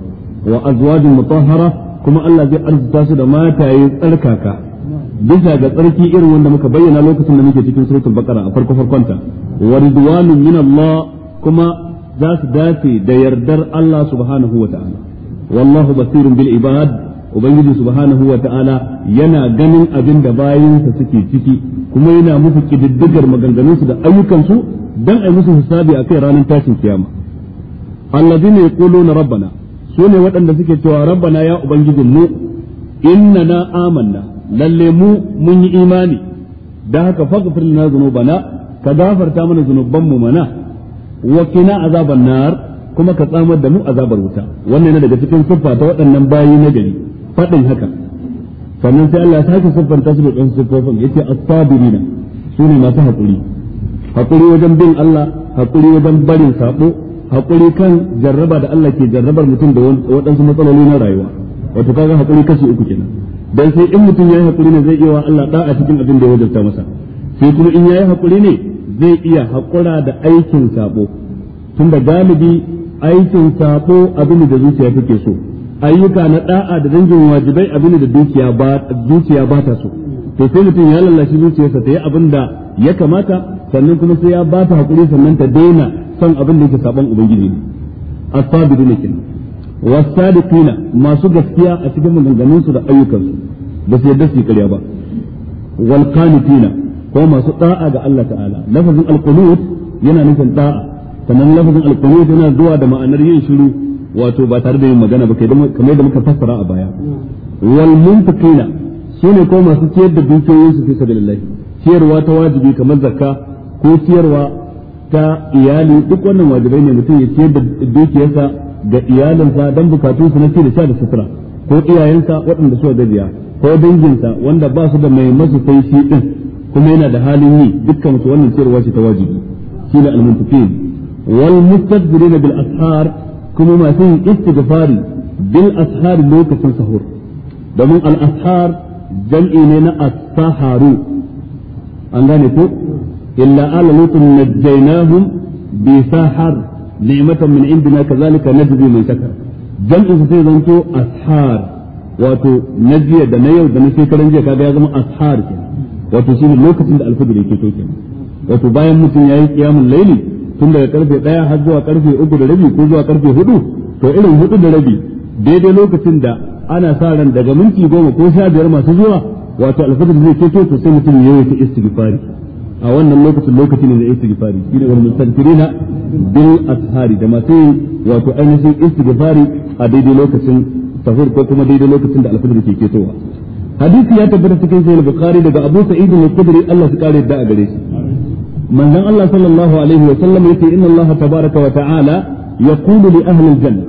wa azwajin mutahhara kuma Allah zai arzuta su da mataye tsarkaka bisa ga tsarki irin wanda muka bayyana lokacin da muke cikin suratul baqara a farko farkonta wa ridwanun min Allah kuma za su dace da yardar Allah subhanahu wa ta'ala wallahu basirun bil ibad ubangiji subhanahu wa ta'ala yana ganin abin da bayinsa suke ciki kuma yana musu kididdigar maganganunsu da ayyukansu dan ai musu hisabi akai ranar tashin kiyama alladhina yaquluna rabbana sune waɗanda suke cewa rabbana ya ubangijin mu innana amanna lalle mu mun yi imani da haka faghfir lana dhunubana ka gafarta mana mu mana wa na azaban nar kuma ka tsamar da mu azabar wuta wannan yana daga cikin siffa ta waɗannan bayi na gari faɗin haka sannan sai Allah ya sake siffanta su da ɗan siffofin yace as-sabirina sune masu haƙuri haƙuri wajen bin Allah haƙuri wajen barin sabo haƙuri kan jarraba da Allah ke jarrabar mutum da waɗansu matsaloli na rayuwa wato kaga hakuri kashi uku kenan dan sai in mutum yayi haƙuri ne zai iya wa Allah da'a cikin abin da ya wajabta masa sai kuma in yayi hakuri ne zai iya haƙura da aikin sabo tunda galibi aikin sabo abin da zuciya take so ayyuka na ɗa'a da dangin wajibai abin da dukiya ba zuciya ba ta so to sai mutum ya lallashi zuciyarsa ta yi abin da ya kamata sannan kuma sai ya ba ta haƙuri sannan ta daina son abin da yake saban ubangiji ne asabidu ne kin wasadiqina masu gaskiya a cikin maganganunsu da ayyukansu ba su yadda su yi ba wal qanitina ko masu da'a ga Allah ta'ala lafazin alqunut yana nufin da'a sannan lafazin alqunut yana zuwa da ma'anar yin shiru wato ba tare da yin magana ba kamar yadda muka fassara a baya wal munfiqina sune ko masu ciyar da su fi sabilillah ciyarwa ta wajibi kamar zakka ko ciyarwa ta iyali duk wannan wajibai ne mutum ya ciyar da dukiyarsa ga iyalinsa don bukatunsu na ci da sha da sutura ko iyayensa waɗanda suka gajiya ko danginsa wanda ba su da mai masu sai shi din kuma yana da halin yi dukkan su wannan ciyarwa ta wajibi shine al-munfiqin wal mustadbirin bil ashar kuma masu yin istighfari bil ashar lokacin sahur domin al ashar jam'i ne na as-saharu an gane ko illa ala lutun najjaynahum bi sahar ni'matan min indina kazalika najzi man shakar jam'in sai zanto ashar wato na jiya da na yau da na shekaran jiya kaga ya zama ashar kenan wato shine lokacin da alfajir yake to kenan wato bayan mutum ya yi kiyamun laili tun daga karfe daya har zuwa karfe uku da rabi ko zuwa karfe hudu to irin hudu da rabi daidai lokacin da ana sa ran daga minti goma ko biyar masu zuwa wato alfajir zai keto to sai mutum yayi ta istighfari a wannan lokacin lokaci ne da istighfari shi ne wannan tantirina bil ashari da masu wato ainihin istighfari a daidai lokacin sahur ko kuma daidai lokacin da alfajir ke ketowa hadisi ya tabbata cikin sahih bukhari daga abu sa'id al-khudri Allah ya kare da a gare shi manzon Allah sallallahu alaihi wa sallam yace inna Allah tabaraka wa ta'ala yaqulu li ahli al-janna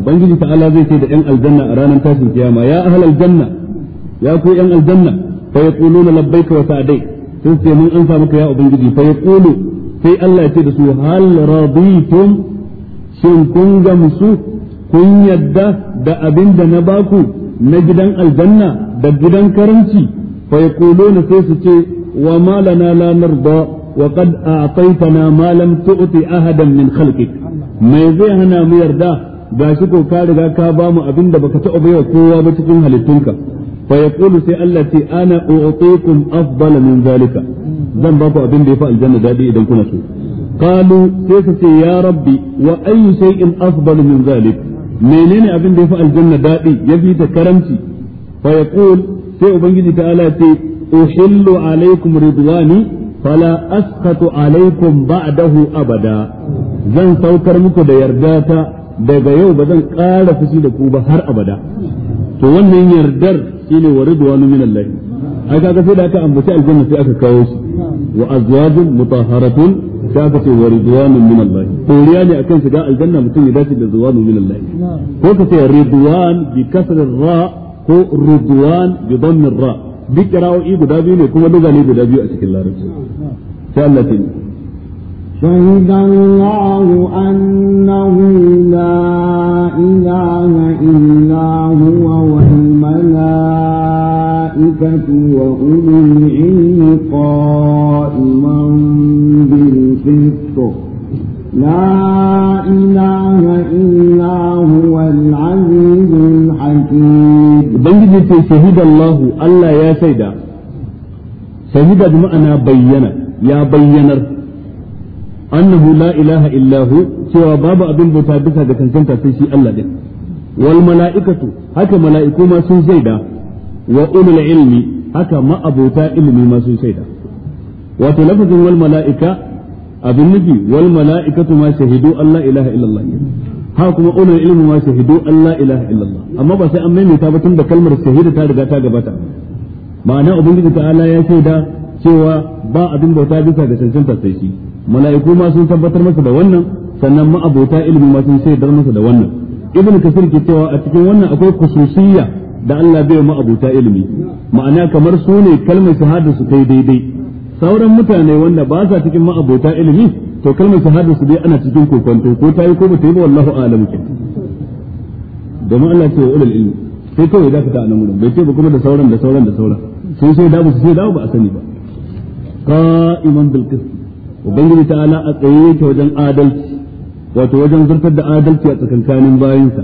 ubangiji ta'ala zai ce da yan aljanna a ranar tashin kiyama ya ahli al-janna ya ku yan aljanna fa yaquluna labbaika wa sa'dai sun ce mun an samu ka ya ubangiji fa yaqulu sai Allah ya ce da su hal raditum shin kun gamsu kun yadda da abin da na baku na gidan aljanna da gidan karanci fa yaquluna sai su ce wa ma la narda wa qad a'taytana ma lam tu'ti ahadan min khalqik zai hana mu yarda gashi ko ka riga ka ba mu abinda baka taɓa baiwa kowa ba cikin halittunka fa yaqulu sai Allah ce ana u'tikum min zalika zan ba ku abin da yafi aljanna dadi idan kuna so قالوا كيف يا ربي وأي شيء أفضل من ذلك منين أبن الجنة دائي تكرمتي fa sai ubangiji ta'ala ce uhillu alaikum ridwani fala asqatu alaikum ba'dahu abada zan saukar muku da yarda ta daga yau ba zan ƙara fushi da ku ba har abada to wannan yardar shine wa ridwanu minallahi ai kaga sai da aka ambaci aljanna sai aka kawo shi wa azwajun mutahharatun da aka ce wa ridwanun minallahi akan shiga aljanna mutum ya dace da ko ka ce bi ra' ko ridwan bi dhammir ra duk qira'o'i guda biyu ne kuma duga ne guda biyu a cikin larabci sai Allah ta شهد الله أنه لا إله إلا هو والملائكة وأولو العلم قائما ubangiji ce shahidallahu Allah ya shaida shahida bi ma'ana bayyana ya bayyanar annahu la ilaha illa hu cewa babu abin bauta bisa ga tantanta sai shi Allah din wal mala'ikatu haka mala'iku ma sun shaida wa ulul ilmi haka ma abota ilmi ma sun shaida wato lafazin wal mala'ika abin nufi wal mala'ikatu ma shahidu Allah ilaha ha kuma ulul ilmi ma shahidu an la ilaha illallah amma ba sai an maimaita ba tun da kalmar shahida ta riga ta gabata ma'ana ubangiji ta'ala ya shaida cewa ba abin bauta bisa ga cancanta sai mala'iku ma sun tabbatar masa da wannan sannan ma abota ilmi ma sun shaidar masa da wannan ibn kasir ke cewa a cikin wannan akwai kususiyya da Allah bai ma abota ilmi ma'ana kamar su ne kalmar shahada su kai daidai sauran mutane wanda ba sa cikin ma'abota ilimi to kalmar shahada su dai ana cikin kokonto ko ta yi ko bata yi ba wallahu a'lamu domin Allah ce wa ulul ilmi sai kawai da ka ta anan wurin bai ce ba kuma da sauran da sauran da sauran sai sai da ba sai da ba a sani ba qa'iman bil qist ubangiji ta'ala a tsaye yake wajen adalci wato wajen zartar da adalci a tsakankanin bayinsa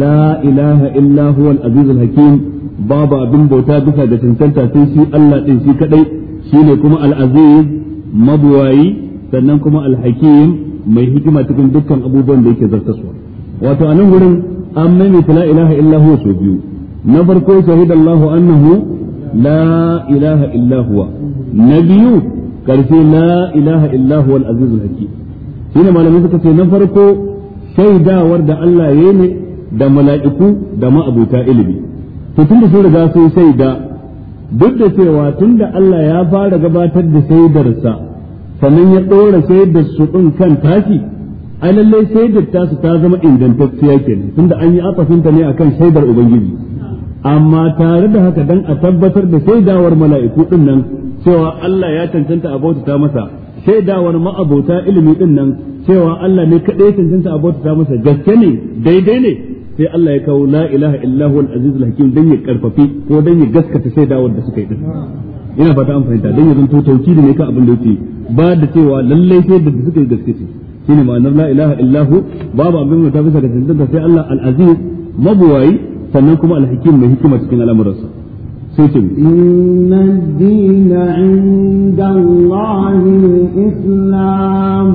la ilaha illa huwal azizul hakim babu abin bauta bisa da tantanta sai shi Allah din shi kadai shine kuma al mabuwayi sannan kuma alhakim mai hikima cikin dukkan abubuwan da yake zartaswa wato a nan gurin an maimaita la ilaha biyu na farko shahida Allahu annahu la ilaha na biyu karfe la ilaha illa huwa azizul hakim shine malamai suka ce na farko shaidawar da Allah ya ne da mala'iku da ma'abuta ilimi to tunda sun riga sun shaida duk da cewa tun da Allah ya fara gabatar da shaidarsa sannan ya ɗora shaidar su ɗin kan tashi ai lallai shaidar tasu ta zama ingantacciya tun da an yi akasinta ne akan shaidar ubangiji amma tare da haka dan a tabbatar da shaidawar mala'iku ɗin nan cewa Allah ya cancanta a bautata masa shaidawar ma'abota ilimi ɗin nan cewa Allah ne kaɗai cancanta a bautata masa gaske ne daidai ne sai Allah ya kawo la ilaha illahu al-aziz al-hakim dan ya karfafi ko dan ya gaskata shaidawar da suka yi din ina fata an fahimta dan ya zanto tauki a ne kan abin da yake ba da cewa lallai sai da suka yi gaskace shine ma'anar la ilaha illahu babu abin da ta daga ga tantanta sai Allah al-aziz mabuwayi sannan kuma al-hakim mai hikima cikin al'amuransa sai ce inna dina 'inda Allah al-islam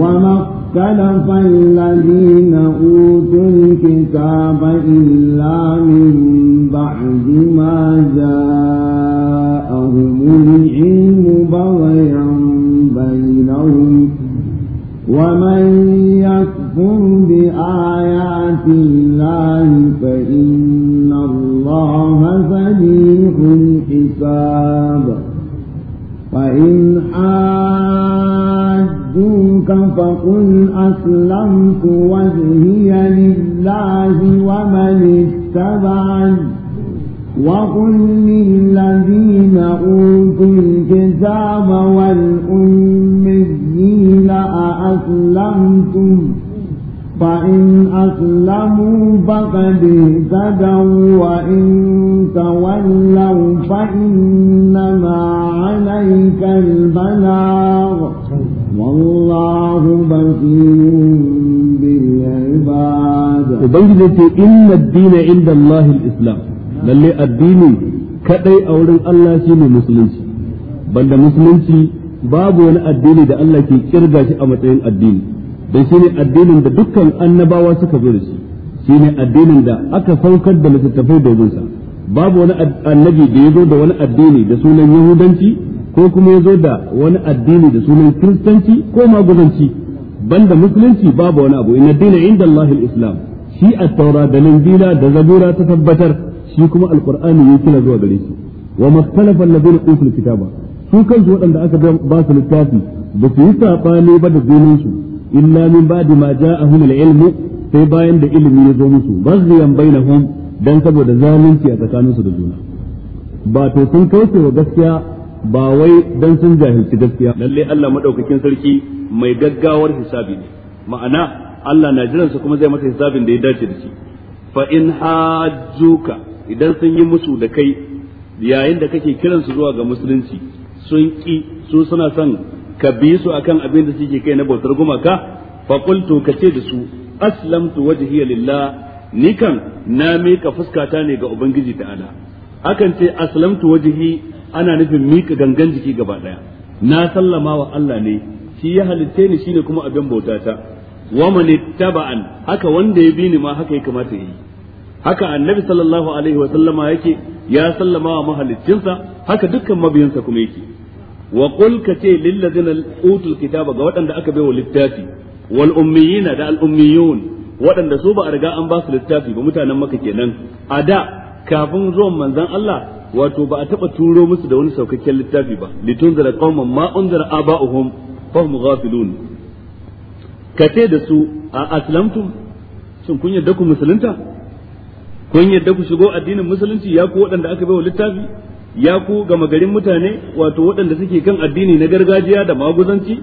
wa اختلف الذين أوتوا الكتاب إلا من بعد ما جاءهم العلم بغيا بينهم ومن يكفر بآيات الله فإن الله سريع الحساب فإن حاجة ربك فقل أسلمت وجهي لله ومن اتبعني وقل للذين أوتوا الكتاب والأميين أأسلمتم فإن أسلموا فقد اهتدوا وإن تولوا فإنما عليك البلاغ والله بصير بالعباد وبنجد إن الدين عند الله الإسلام للي الدين كأي أولن الله شيني musulunci. Banda musulunci babu wani addini da Allah ke kirga shi a matsayin addini dan shine addinin da dukkan annabawa suka zo da shi shine addinin da aka saukar da littattafai domin sa babu wani annabi da ya zo da wani addini da sunan yahudanci ko kuma ya zo da wani addini da sunan kiristanci ko magudanci banda musulunci babu wani abu inna dina inda islam shi a taura da da zabura ta tabbatar shi kuma alqur'ani ya kila zuwa gare shi wa mastalafa alladhina utul kitaba su kansu waɗanda aka ba su littafi ba su yi saɓani ba da junansu illa min ba'di ma ja'ahum al-ilmu sai bayan da ilimi ya zo musu na bainahum dan saboda zalunci a tsakaninsu da juna ba to sun kauce wa gaskiya ba wai dan sun jahilci gaskiya lalle Allah madaukakin sarki mai gaggawar hisabi ne ma'ana Allah na jiran su kuma zai masa hisabin da ya dace da shi fa in hajjuka idan sun yi musu da kai yayin da kake kiransu zuwa ga musulunci sun ki su suna son ka bi su akan abin da suke kai na bautar gumaka fa qultu kace da su aslamtu wajhiya lillah nikan na mika fuskata ne ga ubangiji ta'ala akan ce aslamtu wajhi ana nufin mika gangan jiki gaba daya na sallama wa Allah ne shi ya halitte ni shine kuma abin bauta ta wa man ittaba'an haka wanda ya bi ni ma haka ya kamata yi haka annabi sallallahu alaihi wa sallama yake ya sallama wa mahaliccinsa haka dukkan mabiyansa kuma yake wa qul ka ce lil ladina utul kitaba ga waɗanda aka baiwa littafi wal ummiyina da al ummiyun waɗanda su ba a riga an ba su littafi ba mutanen maka kenan a da kafin zuwan manzon Allah wato ba a taba turo musu da wani saukakken littafi ba litunzira qauman ma unzira aba'uhum hum ghafilun kace da su a aslamtum shin kun yadda ku musulunta kun yadda ku shigo addinin musulunci ya ku waɗanda aka baiwa littafi ya ku gama garin mutane wato waɗanda suke kan addini na gargajiya da maguzanci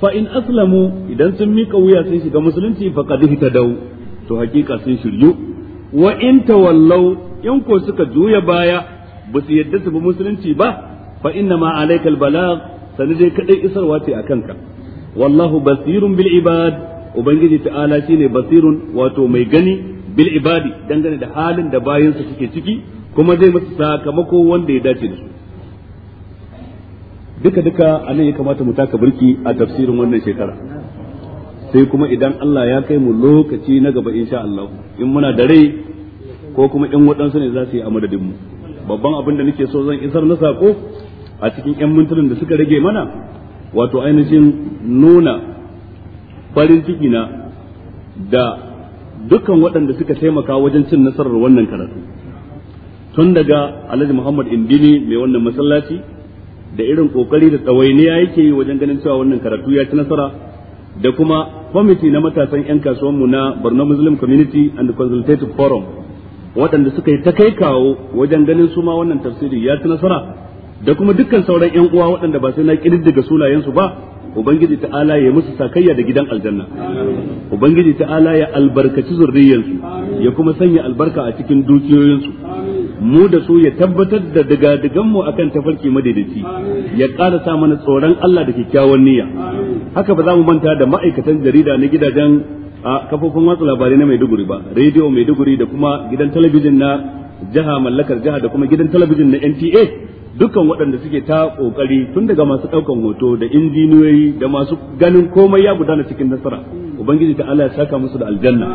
fa in aslamu idan sun mika wuya sun shiga musulunci fa qad dau to hakika sun shiryu wa in tawallaw in ko suka juya baya ba su yadda su bi musulunci ba fa inna ma alaikal balagh dai kadai isarwa ce akan ka wallahu basirun bil ibad ubangiji ta'ala shine basirun wato mai gani bil ibadi dangane da halin da su suke ciki kuma zai musu sakamako wanda ya dace da su duka duka anan ya kamata mu taka burki a tafsirin wannan shekara sai kuma idan Allah ya kai mu lokaci na gaba insha Allah in muna da rai ko kuma ƴan waɗansu ne za su yi a madadinmu babban abin da nake so zan isar na saƙo a cikin 'yan mintunan da suka rage mana wato ainihin nuna farin ciki na da dukkan waɗanda suka taimaka wajen cin nasarar wannan karatu tun daga alhaji muhammad indini mai wannan masallaci da irin kokari da tsawainiya yake yi wajen ganin cewa wannan karatu ya ci nasara da kuma kwamiti na matasan 'yan kasuwanmu na borno muslim community and consultative forum waɗanda suka yi ta kai kawo wajen ganin suma wannan tafsiri ya ci nasara da kuma dukkan sauran yan uwa waɗanda ba sai na daga sunayensu ba ubangiji ta'ala ya musu sakayya da gidan aljanna ubangiji ta'ala ya albarkaci zurriyansu ya kuma sanya albarka a cikin dukiyoyinsu mu da su ya tabbatar da digadigan mu akan tafarki madaidaici ya ƙara sa mana tsoron Allah da kyakkyawan niyya haka ba za mu manta da ma'aikatan jarida na gidajen a kafofin watsa labarai na Maiduguri ba rediyo Maiduguri da kuma gidan talabijin na jiha mallakar jiha da kuma gidan talabijin na NTA dukkan waɗanda suke ta kokari tun daga masu ɗaukan hoto da injiniyoyi da masu ganin komai ya gudana cikin nasara ubangiji ta Allah ya saka musu da aljanna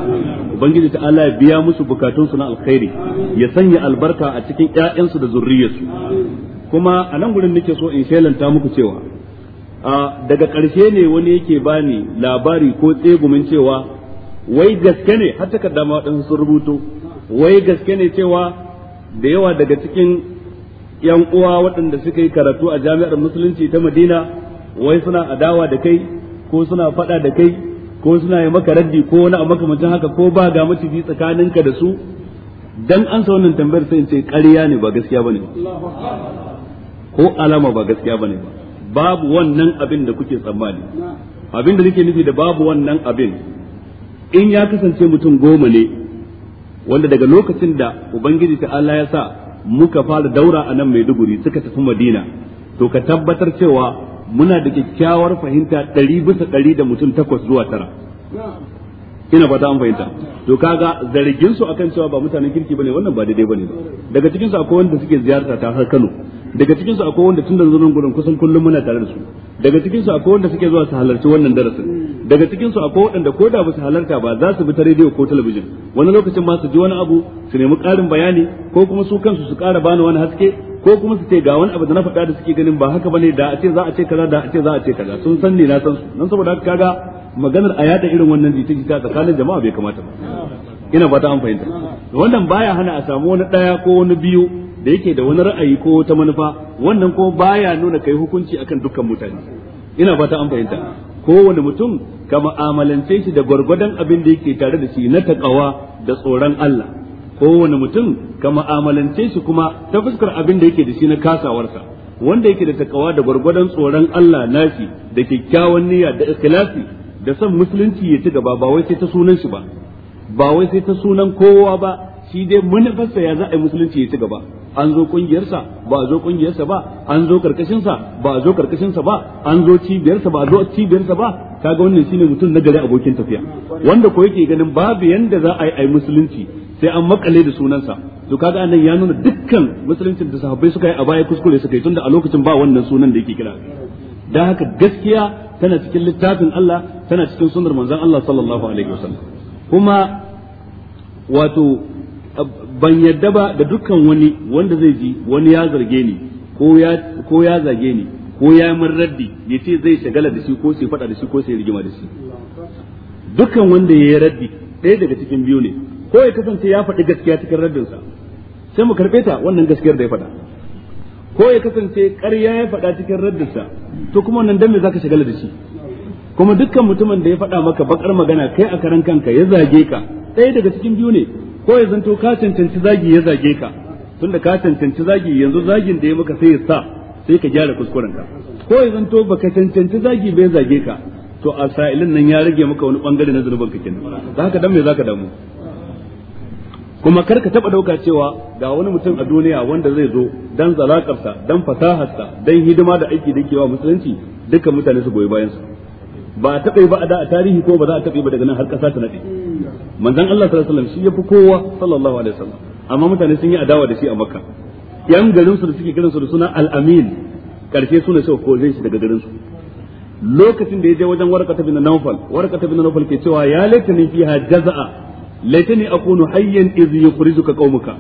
ubangiji ta Allah ya biya musu bukatunsu na alkhairi ya sanya albarka a cikin ƴaƴansu da zurriyarsu kuma a nan gurin nake so in shelanta muku cewa daga ƙarshe ne wani yake bani labari ko tsegumin cewa wai gaske ne har taka ma waɗansu sun rubuto wai gaske ne cewa da yawa daga cikin yan uwa waɗanda suka yi karatu a jami'ar musulunci ta madina wai suna adawa da kai ko suna faɗa da kai ko suna yi maka raddi ko wani abu makamancin haka ko ba ga maciji tsakaninka da su dan an sa wannan tambayar sai in ce ƙarya ne ba gaskiya bane ko alama ba gaskiya bane ba babu wannan abin da kuke tsammani abin da nake nufi da babu wannan abin in ya kasance mutum goma ne wanda daga lokacin da ubangiji ta Allah ya sa muka fara daura a nan mai duguri suka tafi Madina to ka tabbatar cewa muna da kyakkyawar fahimta ɗari bisa ɗari da mutum takwas zuwa tara ina fata an fahimta to kaga zargin su akan cewa ba mutanen kirki bane wannan ba daidai bane daga cikin su akwai wanda suke ziyarta ta har Kano daga cikin su akwai wanda tun da zuwan gurin kusan kullum muna tare da su daga cikin su akwai wanda suke zuwa su halarci wannan darasin daga cikin su akwai wanda ko da ba su halarta ba za su bi ta rediyo ko talabijin wani lokacin ma su ji wani abu su nemi karin bayani ko kuma su kansu su kara bani wani haske ko kuma su ce ga wani abu da na faɗa da suke ganin ba haka bane da a ce za a ce kaza da a ce za a ce kaza sun san ni na san su dan saboda haka kaga maganar a yada irin wannan jita jita tsakanin jama'a bai kamata ba ina fata an fahimta wannan baya hana a samu wani daya ko wani biyu da yake da wani ra'ayi ko ta manufa wannan kuma baya nuna kai hukunci akan dukkan mutane ina fata an fahimta kowane mutum ka ma'amalance shi da gwargwadon abin da yake tare da shi na takawa da tsoron Allah kowane mutum ka ma'amalance shi kuma ta fuskar abin da yake da shi na kasawarsa wanda yake da takawa da gwargwadon tsoron Allah nashi da kyakkyawan niyya da ikhlasi da son musulunci ya ci gaba ba wai sai ta sunan shi ba ba wai sai ta sunan kowa ba shi dai manufarsa ya za a yi musulunci ya ci gaba an zo kungiyarsa ba a zo kungiyarsa ba an zo karkashinsa ba a zo karkashinsa ba an zo cibiyarsa ba a zo cibiyarsa ba kaga wannan shine mutum na gari abokin tafiya wanda ko yake ganin babu yanda za a yi ai musulunci sai an makale da sunansa to kaga anan ya nuna dukkan musuluncin da sahabbai suka yi a baya kuskure suka yi tunda a lokacin ba wannan sunan da yake kira dan haka gaskiya tana cikin littafin Allah tana cikin sunnar manzon Allah sallallahu alaihi wasallam kuma wato ban yadda ba da dukkan wani wanda zai ji wani ya zarge ni ko ya ko ya zage ni ko ya min raddi ya ce zai shagala da shi ko sai faɗa da shi ko sai rigima da shi dukkan wanda ya yi raddi ɗaya daga cikin biyu ne ko ya kasance ya faɗi gaskiya cikin raddinsa sai mu karɓe ta wannan gaskiyar da ya faɗa ko ya kasance ƙarya ya faɗa cikin raddinsa to kuma wannan dan me zaka shagala da shi kuma dukkan mutumin da ya faɗa maka bakar magana kai a karan kanka ya zage ka ɗaya daga cikin biyu ne ko ya zanto ka cancanci zagi ya zage ka tunda ka cancanci zagi yanzu zagin da ya maka sai ya sa sai ka gyara kuskuren ka ko ya zanto baka cancanci zagi bai zage ka to a sa'ilin nan ya rage maka wani bangare na zunuban kenan za ka dan me za ka damu kuma karka taba dauka cewa ga wani mutum a duniya wanda zai zo dan zalakarsa dan fasaharsa dan hidima da aiki da kewa musulunci dukkan mutane su goyi bayan su ba a taɓa ba a da a tarihi ko ba za a taɓa ba daga nan har ƙasa ta naɗe manzon Allah sallallahu alaihi wasallam shi yafi kowa sallallahu alaihi wasallam amma mutane sun yi adawa da shi a Makka yan garin su da suke kiransu da suna al-amin karshe suna sai ko zai shi daga garin su lokacin da ya je wajen warqata bin nawfal warqata bin nawfal ke cewa ya laitani fiha jaza'a laitani akunu hayyan iz yukhrijuka qaumuka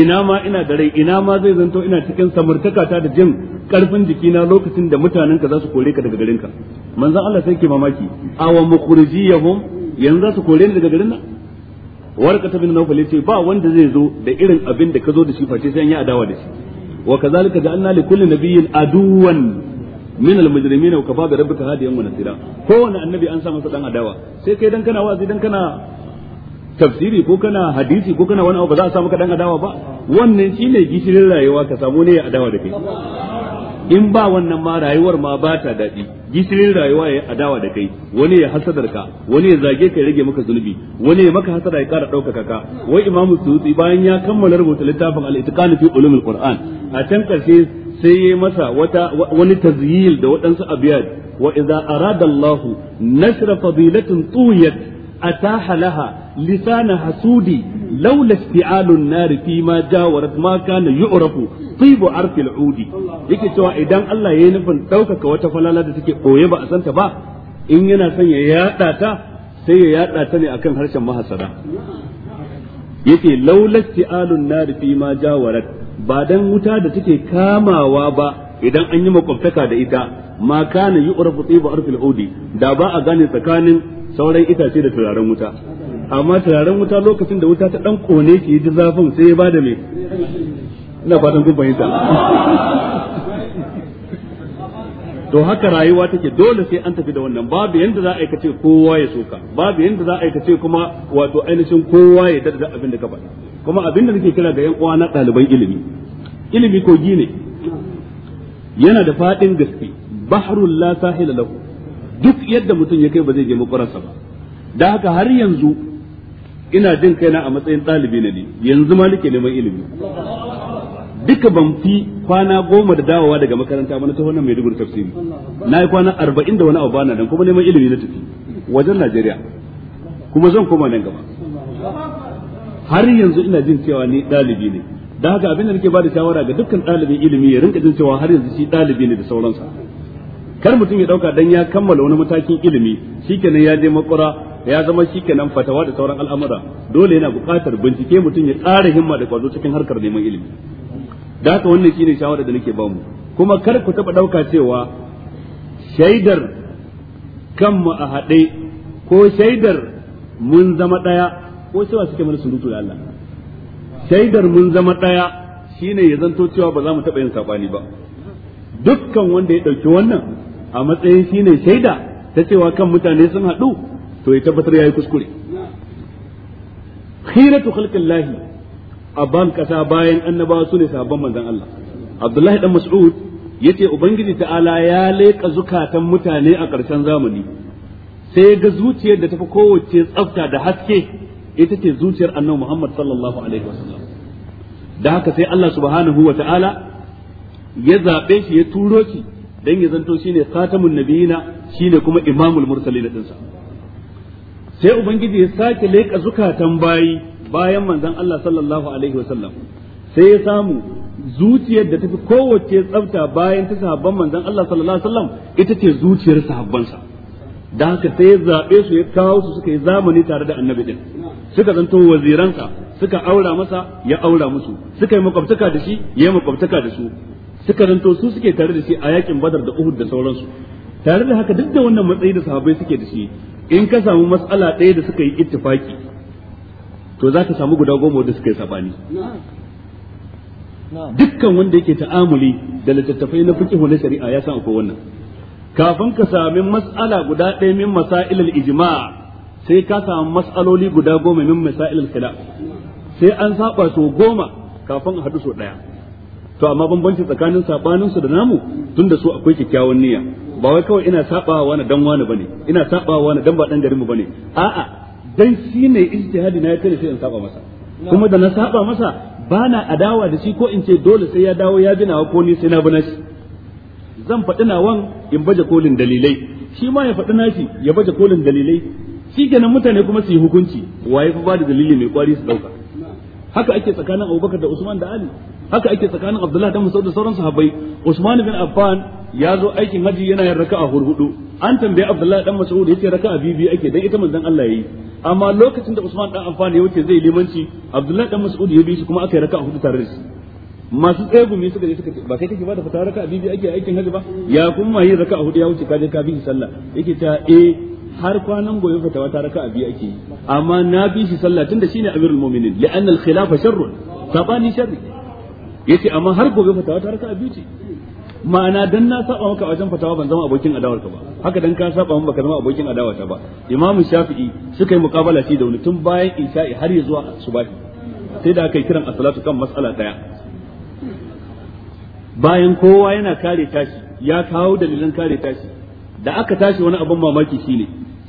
ina ma ina da rai ina ma zai zanto ina cikin samartakata ta da jin karfin jikina lokacin da mutanen ka za su kore ka daga garin ka Allah sai ke mamaki awa mukhrijiyahum yanzu za su kore ni daga garin nan warqata bin nawfal yace ba wanda zai zo da irin abin da ka zo da shi face sai an yi adawa da shi wa kazalika ja'alna li kulli nabiyyin aduwan min al-mujrimina wa kafa bi rabbika hadiyan wa nasira kowane annabi an sa masa dan adawa sai kai dan kana wazi dan kana tafsiri ko kana hadisi ko kana wani abu ba za a samu ka dan adawa ba wannan shine gishirin rayuwa ka samu ne adawa da kai in ba wannan ma rayuwar ma ba ta daɗi gishirin rayuwa ya adawa da kai wani ya hasadar ka wani ya zage ka ya rage maka zunubi wani ya maka hasada ya ƙara ɗaukaka ka wai imamu suyuti bayan ya kammala rubuta littafin al-itqan fi ulumul qur'an a can karshe sai ya masa wata wani tazyil da waɗansu abiyad wa idza arada Allahu nashra fadilatin tuyat ataha laha lisana hasudi laula isti'alun nar fi ma jawarat ma kana yu'rafu tibu arfil udi yake cewa idan Allah ya yayi nufin daukaka wata falala da take ɓoye ba a santa ba in yana son ya yada sai ya yada ta ne akan harshen mahasara yake laula isti'alun nar fi ma jawarat ba dan wuta da take kamawa ba idan an yi makwabtaka da ita ma kana yu'rafu tibu arfil udi da ba a gane tsakanin sauran itace da turaren wuta amma turaren wuta lokacin da wuta ta dan kone ki ji zafin sai ya bada me ina fatan kun fahimta to haka rayuwa take dole sai an tafi da wannan babu yanda za a aikace kowa ya soka babu yanda za a aikace kuma wato ainihin kowa ya dadda abin da ka faɗa kuma abin da nake kira ga yan uwa na ɗaliban ilimi ilimi kogi ne yana da fadin gaske bahrul la sahil lahu duk yadda mutum ya kai ba zai je makwararsa ba da haka har yanzu ina jin kaina a matsayin ɗalibi na ne yanzu ma nake neman ilimi duka ban fi kwana goma da dawowa daga makaranta ba na taho nan Maiduguri tafsiri na yi kwana arba'in da wani abu bana dan kuma neman ilimi na tafi wajen Najeriya kuma zan koma nan gaba har yanzu ina jin cewa ni ɗalibi ne da haka abin da nake ba da shawara ga dukkan ɗalibin ilimi ya rinka jin cewa har yanzu shi ɗalibi ne da sauransa kar mutum ya ɗauka dan ya kammala wani matakin ilimi shikenan ya je makura ya zama shikenan fatawa da sauran al'amura dole yana buƙatar bincike mutum ya ƙara himma da kwazo cikin harkar neman ilimi da haka wannan shine shawara da nake mu kuma kar ku taɓa ɗauka cewa shaidar kanmu a haɗe ko shaidar mun zama ɗaya ko cewa suke mana surutu da Allah shaidar mun zama ɗaya shi ne ya zanto cewa ba za mu taɓa yin saɓani ba dukkan wanda ya ɗauki wannan a matsayin shine shaida ta cewa kan mutane sun haɗu to ya tabbatar ya yi kuskure khiratu khalqin lahi a ban kasa bayan annabawa su ne sabon manzon Allah Abdullahi dan Mas'ud ya ce ubangiji ta'ala ya leƙa zukatan mutane a ƙarshen zamani sai ga zuciyar da tafi kowace tsafta da haske ita ce zuciyar annabi Muhammad sallallahu alaihi wasallam da haka sai Allah subhanahu wa ta'ala ya zaɓe shi ya turo shi dan ya zanto shine khatamun nabiyina shine kuma imamul mursalin dinsa sai ubangiji ya sake leƙa zukatan bayi bayan manzon Allah sallallahu alaihi wasallam sai ya samu zuciyar da tafi kowace tsafta bayan ta sahabban manzon Allah sallallahu alaihi wasallam ita ce zuciyar sahabbansa da haka sai ya zaɓe su ya kawo su suka yi zamani tare da annabi din suka zanto waziransa suka aura masa ya aura musu suka yi makwabtaka da shi ya yi makwabtaka da su suka zanto su suke tare da shi a yakin badar da uhud da sauransu tare da haka duk da wannan matsayi da sahabbai suke da shi in ka samu matsala ɗaya da suka yi ittifaki to za ka samu guda goma da suka yi sabani dukkan wanda yake ta'amuli da littattafai na fiƙihu na shari'a ya san akwai wannan kafin ka sami mas'ala guda ɗaya min masailul ijma' sai ka samu mas'aloli guda goma min masailul khilaf sai an saba so goma kafin a haɗu so ɗaya to amma bambanci tsakanin sabanin su da namu tunda su akwai kyakkyawan niyya ba wai kawai ina sabawa wani dan wani bane ina sabawa wani dan ba dan garin mu bane a'a dan shine ijtihadi na yake sai in saba masa kuma da na saba masa bana adawa da shi ko in ce dole sai ya dawo ya binawa ko ni sai na bana shi zan faɗi nawan in baje kolin dalilai shi ma ya faɗi nashi ya baje kolin dalilai shi kenan mutane kuma su yi hukunci waye fa ba da dalili mai kwari su dauka haka ake tsakanin Abubakar da Usman da Ali haka ake tsakanin Abdullah da Musa da sauran sahabbai Usman bin Affan ya zo aikin haji yana yin raka'a hurhudu an tambaye Abdullah dan Mas'ud yace raka'a bibi ake dan ita manzon Allah yayi amma lokacin da Usman dan Affan ya wuce zai limanci Abdullah dan Mas'ud ya bi shi kuma aka yi raka'a hudu tare da shi masu tsegumi suka je suka ce ba kai kake ba da fata raka bibi ake aikin hajji ba ya kuma yi raka a hudu ya wuce ka je ka bi sallah yake ta eh har kwanan gobe fata ta raka biyu ake yi amma na bi shi sallah tunda shine amirul mu'minin li'anna al-khilafa sharrun sabani sharri yace amma har gobe fata ta raka biyu ce ma'ana dan na saba maka wajen fatawa ban zama abokin adawar ka ba haka dan ka saba mun baka zama abokin adawar ta ba imam shafi'i suka yi muqabala shi da wani tun bayan isha'i har ya zuwa subahi sai da aka yi kiran as-salatu kan mas'ala daya bayan kowa yana kare tashi ya kawo dalilan kare tashi da aka tashi wani abin mamaki shine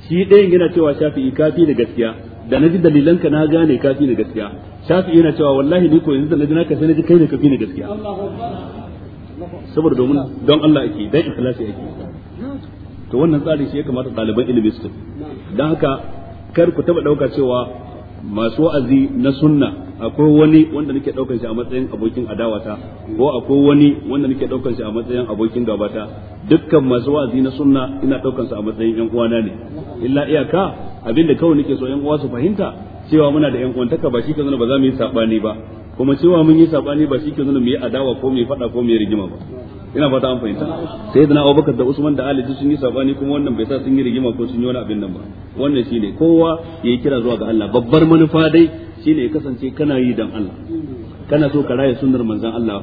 shi ɗayan yana cewa shafi'i kafi da gaskiya da naji dalilan ka na gane kafi da gaskiya shafi'i yana cewa wallahi ni ko yanzu da naji naka sai kai ne kafi da gaskiya saboda domin don Allah ake dan ikhlasi ake to wannan tsari shi ya kamata ɗaliban ilimi su dan haka kar ku taba dauka cewa masu wa'azi na sunna akwai wani wanda nake daukar shi a matsayin abokin adawata ko akwai wani wanda nake daukar shi a matsayin abokin gabata dukkan masu wa'azi na sunna ina daukar su a matsayin yan uwana ne illa iyaka abinda kawai nake so yan uwa su fahimta cewa muna da yan uwantaka ba shi ke nuna ba za mu yi sabani ba kuma cewa mun yi sabani ba shi ke nuna mu yi adawa ko mu yi fada ko mu yi rigima ba ina fata an fahimta sai da na abubakar da usman da ali sun yi sabani kuma wannan bai sa sun yi rigima ko sun yi wani abin nan ba wannan shine kowa ya yi kira zuwa ga Allah babbar manufa dai shine ya kasance kana yi dan Allah kana so ka raya sunnar manzon Allah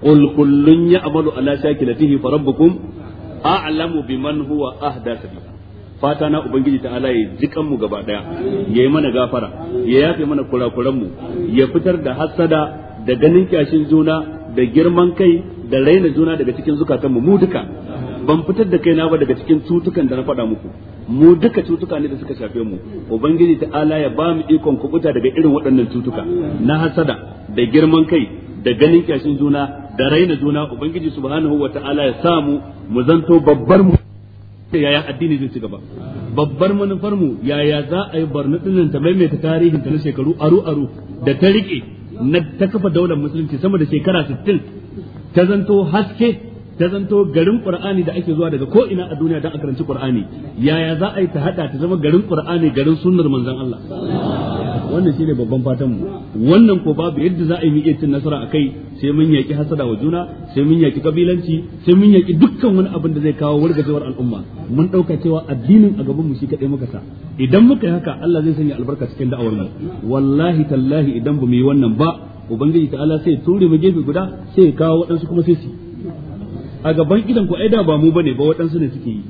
qul kullun ya'malu ala shakilatihi fa rabbukum a'lamu biman huwa ahda fata na ubangiji ta ala ya jikan mu gaba daya ya yi mana gafara ya yafe mana kurakuran mu ya fitar da hassada da ganin kyashin juna da girman kai da raina juna daga cikin zukatanmu mu duka ban fitar da kaina ba daga cikin cutukan da na faɗa muku mu duka cutuka ne da suka shafe mu ubangiji ta ala ya ba mu ikon kubuta daga irin waɗannan cutuka na hasada da girman kai da ganin kyashin juna da raina juna ubangiji subhanahu wata'ala ya samu mu zanto babbar mu yaya addini zai ci gaba babbar manufar mu yaya za a yi barnatin ta maimaita tarihin ta na shekaru aru aru da ta rike na ta kafa daular musulunci sama da shekara 60 ta zanto haske ta zanto garin qur'ani da ake zuwa daga ko ina a duniya don a karanci qur'ani yaya za a yi ta hada ta zama garin qur'ani garin sunnar manzon Allah wannan shine babban fatan mu wannan ko babu yadda za a yi iya cin nasara kai sai mun yaki hasada wa juna sai mun yaki kabilanci sai mun yaki dukkan wani abin da zai kawo wargajewar al'umma mun dauka cewa addinin a gaban mu shi kadai muka sa idan muka yi haka Allah zai sanya albarka cikin da'awar mu wallahi tallahi idan ba mu yi wannan ba ubangiji ta'ala sai ture mu gefe guda sai kawo waɗansu kuma sai su a gaban idan ku aida ba mu bane ba waɗansu ne suke yi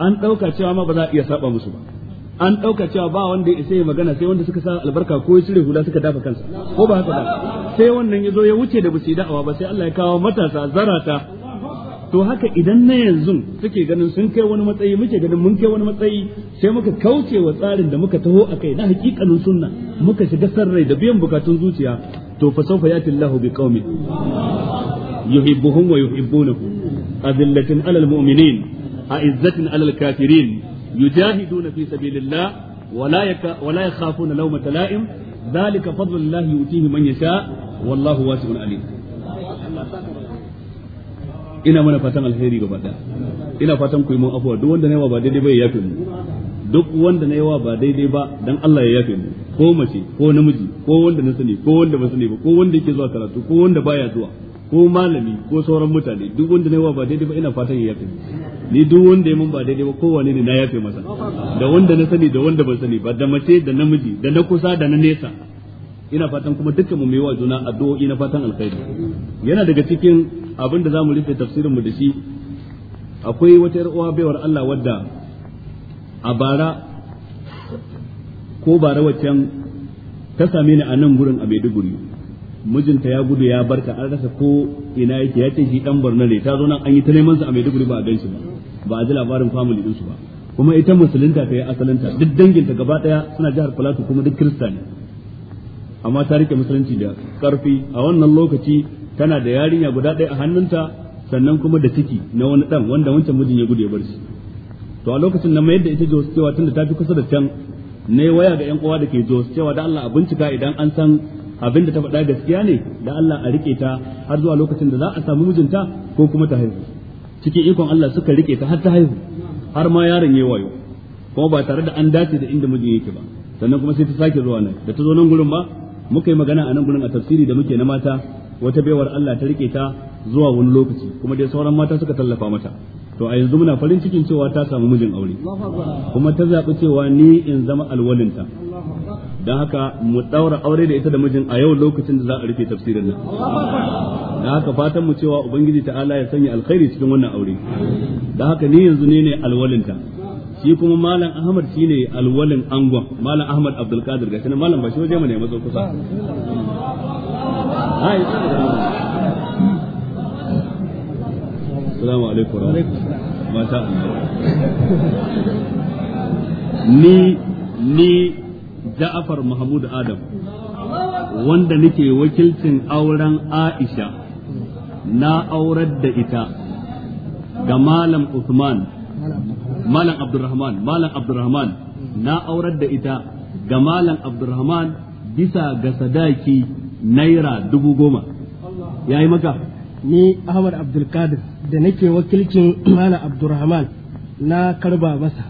an ɗauka cewa ma ba za a iya saba musu ba an ɗauka cewa ba wanda ya yi magana sai wanda suka sa albarka ko ya cire hula suka dafa kansa ko ba haka ba sai wannan ya zo ya wuce da basu da'awa ba sai Allah ya kawo matasa zarata to haka idan na yanzu suke ganin sun kai wani matsayi muke ganin mun kai wani matsayi sai muka kauce wa tsarin da muka taho a kai na hakikanin sunna muka shiga sarrai da biyan bukatun zuciya to fa sawfa yati Allahu bi qaumin yuhibbuhum wa yuhibbunahu adillatin alal mu'minin a'izzatin alal kafirin yujahiduna fi sabilillah wala yaka wala yakhafuna lawmata la'im dhalika fadlullahi yutihi man yasha wallahu wasi'un alim ina mana fatan alheri gaba daya ina fatan ku yi mun afuwa duk wanda na yawa ba daidai ba ya yafe mu duk wanda na yawa ba daidai ba dan Allah ya yafe mu ko mace ko namiji ko wanda na sani ko wanda ba sani ba ko wanda yake zuwa karatu ko wanda baya zuwa ko malami ko sauran mutane duk wanda na yawa ba daidai ba ina fatan ya yafe mu ni duk wanda ya mun ba daidai ba kowane ne na yafe masa da wanda na sani da wanda ban sani ba da mace da namiji da na kusa da na nesa ina fatan kuma dukkan mu mai wa juna addu'o'i na fatan alkhairi yana daga cikin abin da zamu rufe tafsirin mu da shi akwai wata yar uwa baiwar Allah wadda a bara ko bara waccan ta same ni a nan gurin a Maiduguri mijinta ya gudu ya barka an rasa ko ina yake ya ce shi dan barna ne ta zo nan an yi ta neman su a Maiduguri ba a ganshi ba ba a ji labarin family din su ba kuma ita musulunta ta yi asalinta duk danginta gaba daya suna jihar Plateau kuma duk Kirista ne amma ta rike musulunci da karfi a wannan lokaci tana da yarinya guda daya a hannunta sannan kuma da ciki na wani ɗan wanda wancan mijin ya gudu ya bar shi to a lokacin na mayar da ita Jos cewa tunda ta fi kusa da can ne waya ga yan uwa da ke Jos cewa da Allah a bincika idan an san abinda ta faɗa gaskiya ne da Allah a rike ta har zuwa lokacin da za a samu mijinta ko kuma ta haihu cikin ikon Allah suka rike ta har ta haihu har ma yaron yayi wayo kuma ba tare da an dace da inda mijin yake ba sannan kuma sai ta sake zuwa nan da ta zo nan gurin ba muka yi magana a nan gurin a tafsiri da muke na mata wata baiwar Allah ta rike ta zuwa wani lokaci kuma dai sauran mata suka tallafa mata to a yanzu muna farin cikin cewa ta samu mijin aure kuma ta zaɓi cewa ni in zama alwalinta don haka mu ɗaura aure da ita da mijin a yau lokacin da za a rufe tafsirin nan don haka fatan mu cewa ubangiji ta'ala ya sanya alkhairi cikin wannan aure don haka ni yanzu ne ne alwalinta shi kuma malam ahmad shi ne alwalin angon malam ahmad abdulkadir gashi nan malam ba shi waje mana ne mazo kusa السلام عليكم الله Allah ni ni Ja'far Mahmud Adam wanda nake wakilcin auren Aisha na aurar da ita ga Malam Usman Malam Abdulrahman Malam Abdulrahman na aurar da ita ga Malam Abdulrahman bisa ga sadaki naira dubu goma yayi maka ni Ahmad Abdulkadir da nake wakilcin <clears throat> Mala Abdurrahman na karba masa.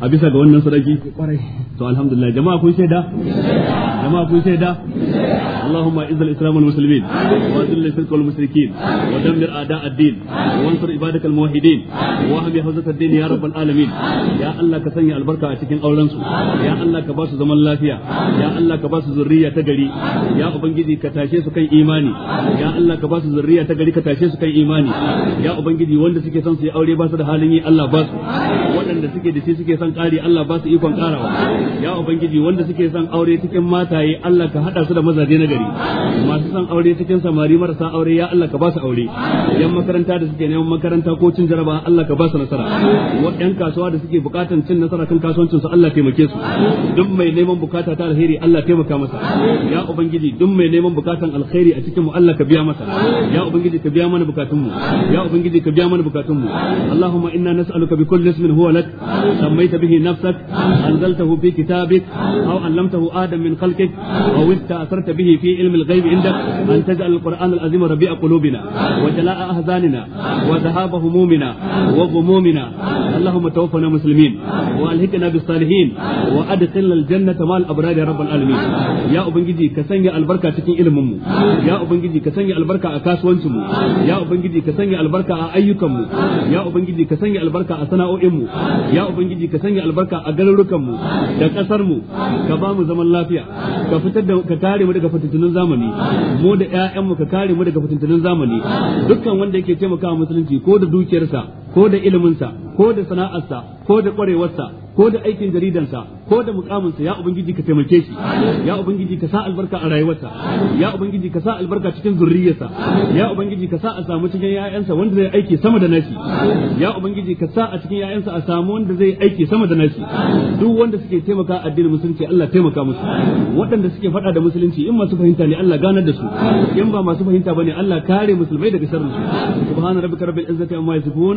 A bisa ga wannan sadaki? Kwarai. To alhamdulillah jama'a kun shaida? <laughs> Jama'a kun shaida? اللهم اعز الاسلام والمسلمين واذل الشرك والمشركين ودمر اعداء الدين وانصر عبادك الموحدين واهم حوزة الدين يا رب العالمين يا الله كسني البركة اتكين اولانسو يا الله كباس زمن لافيا يا الله كباس ذرية تجري Ya ubangiji ka tashe su kan imani ya Allah ka basu zurriya ta gari ka tashe su kan imani ya ubangiji wanda suke son su yi aure basu da halin yi Allah basu. waɗanda suke da shi suke son ƙari Allah basu su ikon ƙarawa ya ubangiji wanda suke son aure cikin mataye Allah ka haɗa su da mazaje na nagari masu son aure cikin samari marasa aure ya Allah ka ba su aure yan makaranta da suke neman makaranta ko cin jaraba Allah ka ba su nasara yan kasuwa da suke bukatan cin nasara kan kasuwancin su Allah taimake su duk mai neman bukata ta alheri Allah taimaka masa ya ubangiji duk mai neman bukatan alheri a cikin mu Allah ka biya masa ya ubangiji ka biya mana bukatun mu ya ubangiji ka biya mana bukatun mu Allahumma inna nas'aluka bi kulli ismin huwa lak sammaita bihi nafsak anzaltahu fi kitabik aw allamtahu adam min khalqik aw ista'sarta في علم الغيب عندك أن تجعل القرآن العظيم ربيع قلوبنا وجلاء أحزاننا وذهاب همومنا وغمومنا اللهم توفنا مسلمين وألهكنا بالصالحين وأدخلنا الجنة مع الأبرار يا رب العالمين يا أبنجي كسني البركة تكين علمهم يا أبنجي كسني البركة أكاسوانتم يا أبنجي كسني البركة أيكم يا أبنجي كسني البركة أصناؤهم يا أبنجي كسني البركة أقللكم da kasar mu ka ba mu zaman lafiya ka fitar da ka kare mu daga fitin fitinun zamani mu da ƴaƴanmu ka kare mu daga fitinun zamani dukkan wanda yake taimakawa musulunci ko da dukiyarsa ko da iliminsa ko da sana'arsa ko da kwarewarsa ko da aikin jaridansa ko da mukaminsa ya ubangiji ka taimake shi ya ubangiji ka sa albarka a rayuwarsa ya ubangiji ka sa albarka cikin zurriyarsa ya ubangiji ka sa a samu cikin yayansa wanda zai aiki sama da nashi ya ubangiji ka sa a cikin yayansa a samu wanda zai aiki sama da nashi duk wanda suke taimaka addinin musulunci Allah taimaka musu waɗanda suke faɗa da musulunci in masu fahimta ne Allah ganar da su in ba masu fahimta bane Allah kare musulmai daga sharri subhana rabbika rabbil izzati amma yasifun